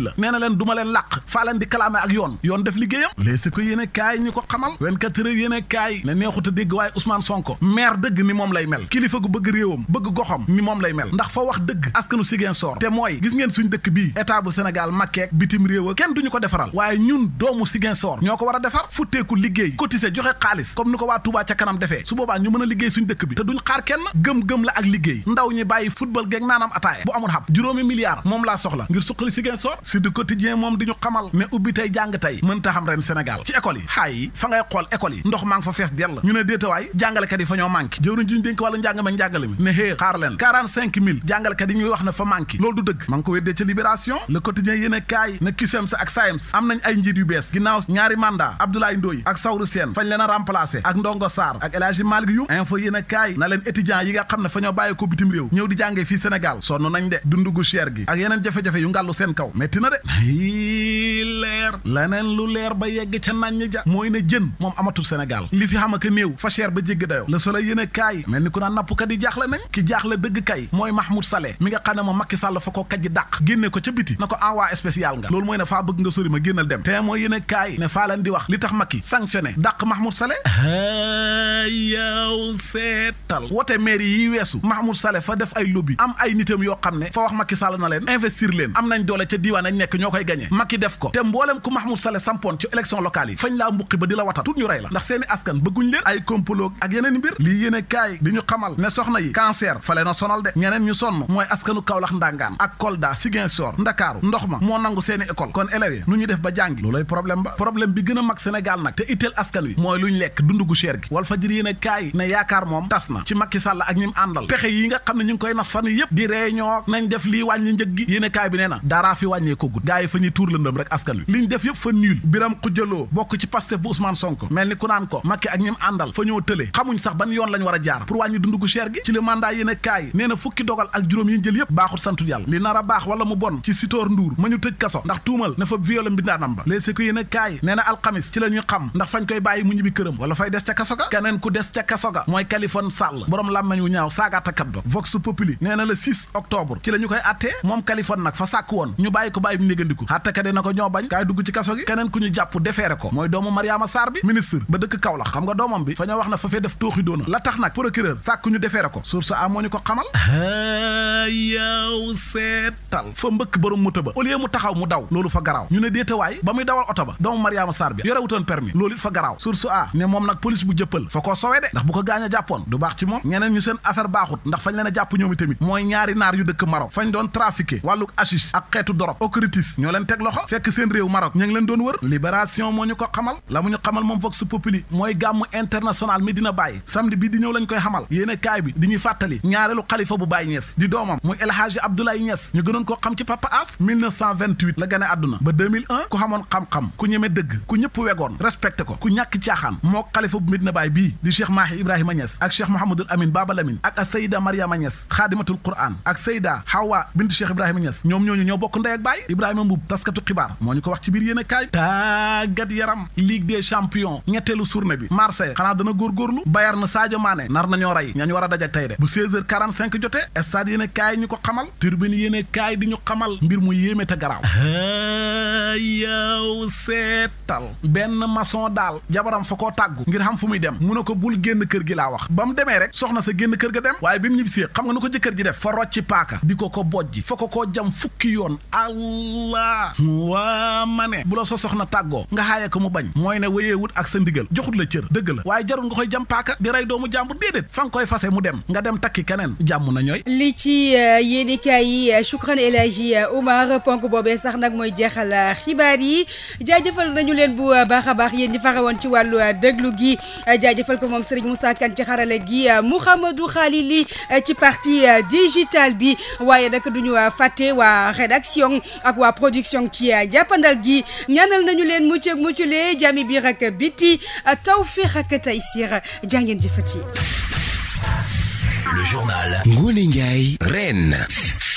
jullit la nee na leen du ma leen làq faa leen di kalaame ak yoon yoon def liggéeyam léegi si ko yéen kaay ñu ko xamal 24 heures yéen e kaay ne neexut dégg waaye Ousmane Sonko maire dëgg ni moom lay mel kilifa gu bëgg réewam bëgg goxam ni moom lay mel ndax fa wax dëgg askanu Ziguinchor te mooy gis ngeen suñ dëkk bi état bu Sénégal makkeek bitim réew kenn duñu ko defaral waaye ñun doomu Ziguinchor ñoo ko war a defar futteeku liggéey cotiser joxe xaalis comme ni ko waa Touba ca kanam defee su boobaa ñu mën a suñ dëkk bi te duñ xaar kenn gëm ndaw ñi bàyyi football geeg naanam ataaya bu amul xab juróomi milliards moom laa soxla ngir suqali Ziguinchor Sud Quotidien moom di ñu xamal ne ubbi jàng tey mën ta ren Sénégal ci école yi xaay yi xool école ndox maa ngi fees dell ñu ne déetawaay jàngalekat yi fa ñoo manqué jëwriñ ji dénk wàllu njàng ma njàngale mi ne xée xaar leen 45 000 jàngalekat yi ñuy wax ne fa manqué loolu du dëgg ma weddee ca Libération Le Quotidien yéen a kaay ne CUSEMS ak SAEMS am nañ ay njiit yu bees ginnaaw ñaari mandat Abdoulaye Ndoye ak Saourou Sène fa metti na de leer leneen lu leer ba yegg ca nañ ja mooy ne jën moom amatul Sénégal li fi xam ak néew fa cher ba jégg dayoo le soleil yéen a kaay mel ni ku naan nappkat yi jaaxle nañ ki jaaxle dëgg kay mooy Mahmoud Saleh mi nga xam ne ma Macky Sall fa ko kajji dàq génne ko ca biti na ko envoi spécial nga loolu mooy ne faa bëgg nga sori ma génnal dem te mooy yéen a kaay ne faa leen di wax li tax Macky sanctionné dàq Mahmoud Saleh yow seetal wote maire yi weesu Mahmoud Saleh fa def ay lobby am ay nitam yoo xam ne fa wax Macky Sall na leen investir leen am nañ doole ca diiwaane lañ nekk def ko te mboolem ku Mahmoud Saleh sampoon ci élection locale yi fañ laa mbuqi ba di la watat tut ñu rey la ndax seeni askan bëgguñ leen ay complot ak yeneen mbir lii yéen di ñu xamal ne soxna yi cancer fale na sonal de ñeneen ñu sonn mooy askanu Kaolack ndangaan ak Kolda Ziguinchor Ndakaaru ndox ma moo nangu seeni école kon élèves yi nu ñu def ba jàngi looloy problème ba problème bi gën a mag nag te itteel askan wi mooy luñ lekk ko gut gars fa ñuy tuur lëndëm rek askan wi liñ def yëpp fa niil biram xujjaloo bokk ci Pastef bu Ousmane Sonko mel ni ku naan ko Macky ak ñim àndal fa ñoo tële xamuñ sax ban yoon lañ war a jaar pour wàññi dund gu cher gi ci le mandat yéen kaay nee fukki dogal ak juróom yi jël yëpp baaxut santu yàlla li nar a baax wala mu bon ci Sitor Ndour ma ñu tëj kaso ndax tuumal na fa violé mbindaanam ba léeg si ko kaay nee alxamis ci bàyyib négandiku xattaka dina ko ñoo bañ kaay dugg ci kaso gi keneen ku ñu jàpp defeere ko mooy doomu Mariama Sarr bi ministre ba dëkk Kaolack xam nga doomam bi fa ñoo wax na fa fee def tooxi doona la tax nag procureur sàkk ñu defeere ko source a moo ñu ko xamal ah, yow seetal fa mbëkk borom moto ba au mu taxaw mu daw loolu fa garaaw ñu ne déetawaay ba muy dawal oto ba doomu Mariama Sarr bi yorewutoon permis loolu it fa garaaw source a ne moom nag police a jàppoon du baax ci a jàpp ñoomi tamit mooy naar yu dëkk Maroc fañ doon trafiqué wàllu hashish xeetu dorog Socrates ñoo leen teg loxo fekk seen réew Maroc ñu leen doon wër libération moo ñu ko xamal la mu ñu xamal moom vox populi mooy gàmmu international mi bàyyi samedi bi di ñëw lañ koy xamal yéene kaay bi di ñuy fàttali ñaareelu xalifa bu Baye Niass di doomam muy El Hadji Abdoulaye ñu gënoon koo xam ci Papa la gane àdduna ba ku xamoon xam-xam ku ñeme dëgg ku ñëpp wegoon respecté ko ku ñàkk caaxaan moo xalifa bu Medina Baye bii di Cheikh Mahi Ibrahima Mboub taskatu xibaar moo ñu ko wax ci biir yéen a kaay tàggat yaram Ligue des champions ñetteelu surne bi Marseille xanaa dana góorgóorlu na saajo Mané nar nañoo rey ñañ war a daja tey de bu 16h45 jotee stade a kaay ñu ko xamal turbine yéen a kaay di ñu xamal mbir mu yéeme te garaaw yow seetal benn maçon daal jabaram fa koo tàggu ngir xam fu muy dem mu ne ko bul génn kër gi laa wax ba mu demee rek soxna sa génn kër ga dem waaye bi mu ñibbisee xam nga nu ko jëkkër ji def fa rocci paaka di ko ko bojji fa ko koo jam fukki yoon allah waa ma ne bu la sa soxna tàggoo nga xaaye ko mu bañ mooy ne wut ak sa ndigal joxut la cër dëgg la waaye jarul nga koy jam paaka di rey doomu jàmbur déedéet fa nga koy fase mu dem nga dem takki keneen jàmm na ñooy li ci euh, yéenikaay yi euh, shukran El Hadji euh, Oumar ponk boobee sax nag mooy jeexal xibaar yi jaajëfal nañu leen bu baax a baax yéen ñi faxewoon ci wàllu déglu gi jaajëfal ko moom Serigne Moussa Kane ci xarale gi Mouhamadou Khalili ci partie digitale bi waaye nag duñu fàtte waa rédaction ak waa production ci jàppandal gi ñaanal nañu leen mucc ak mucculee jàmmi biir ak biti tawféex ak taysiir jaa jàngeen jëfati. Le yi Ngoné Ndiaye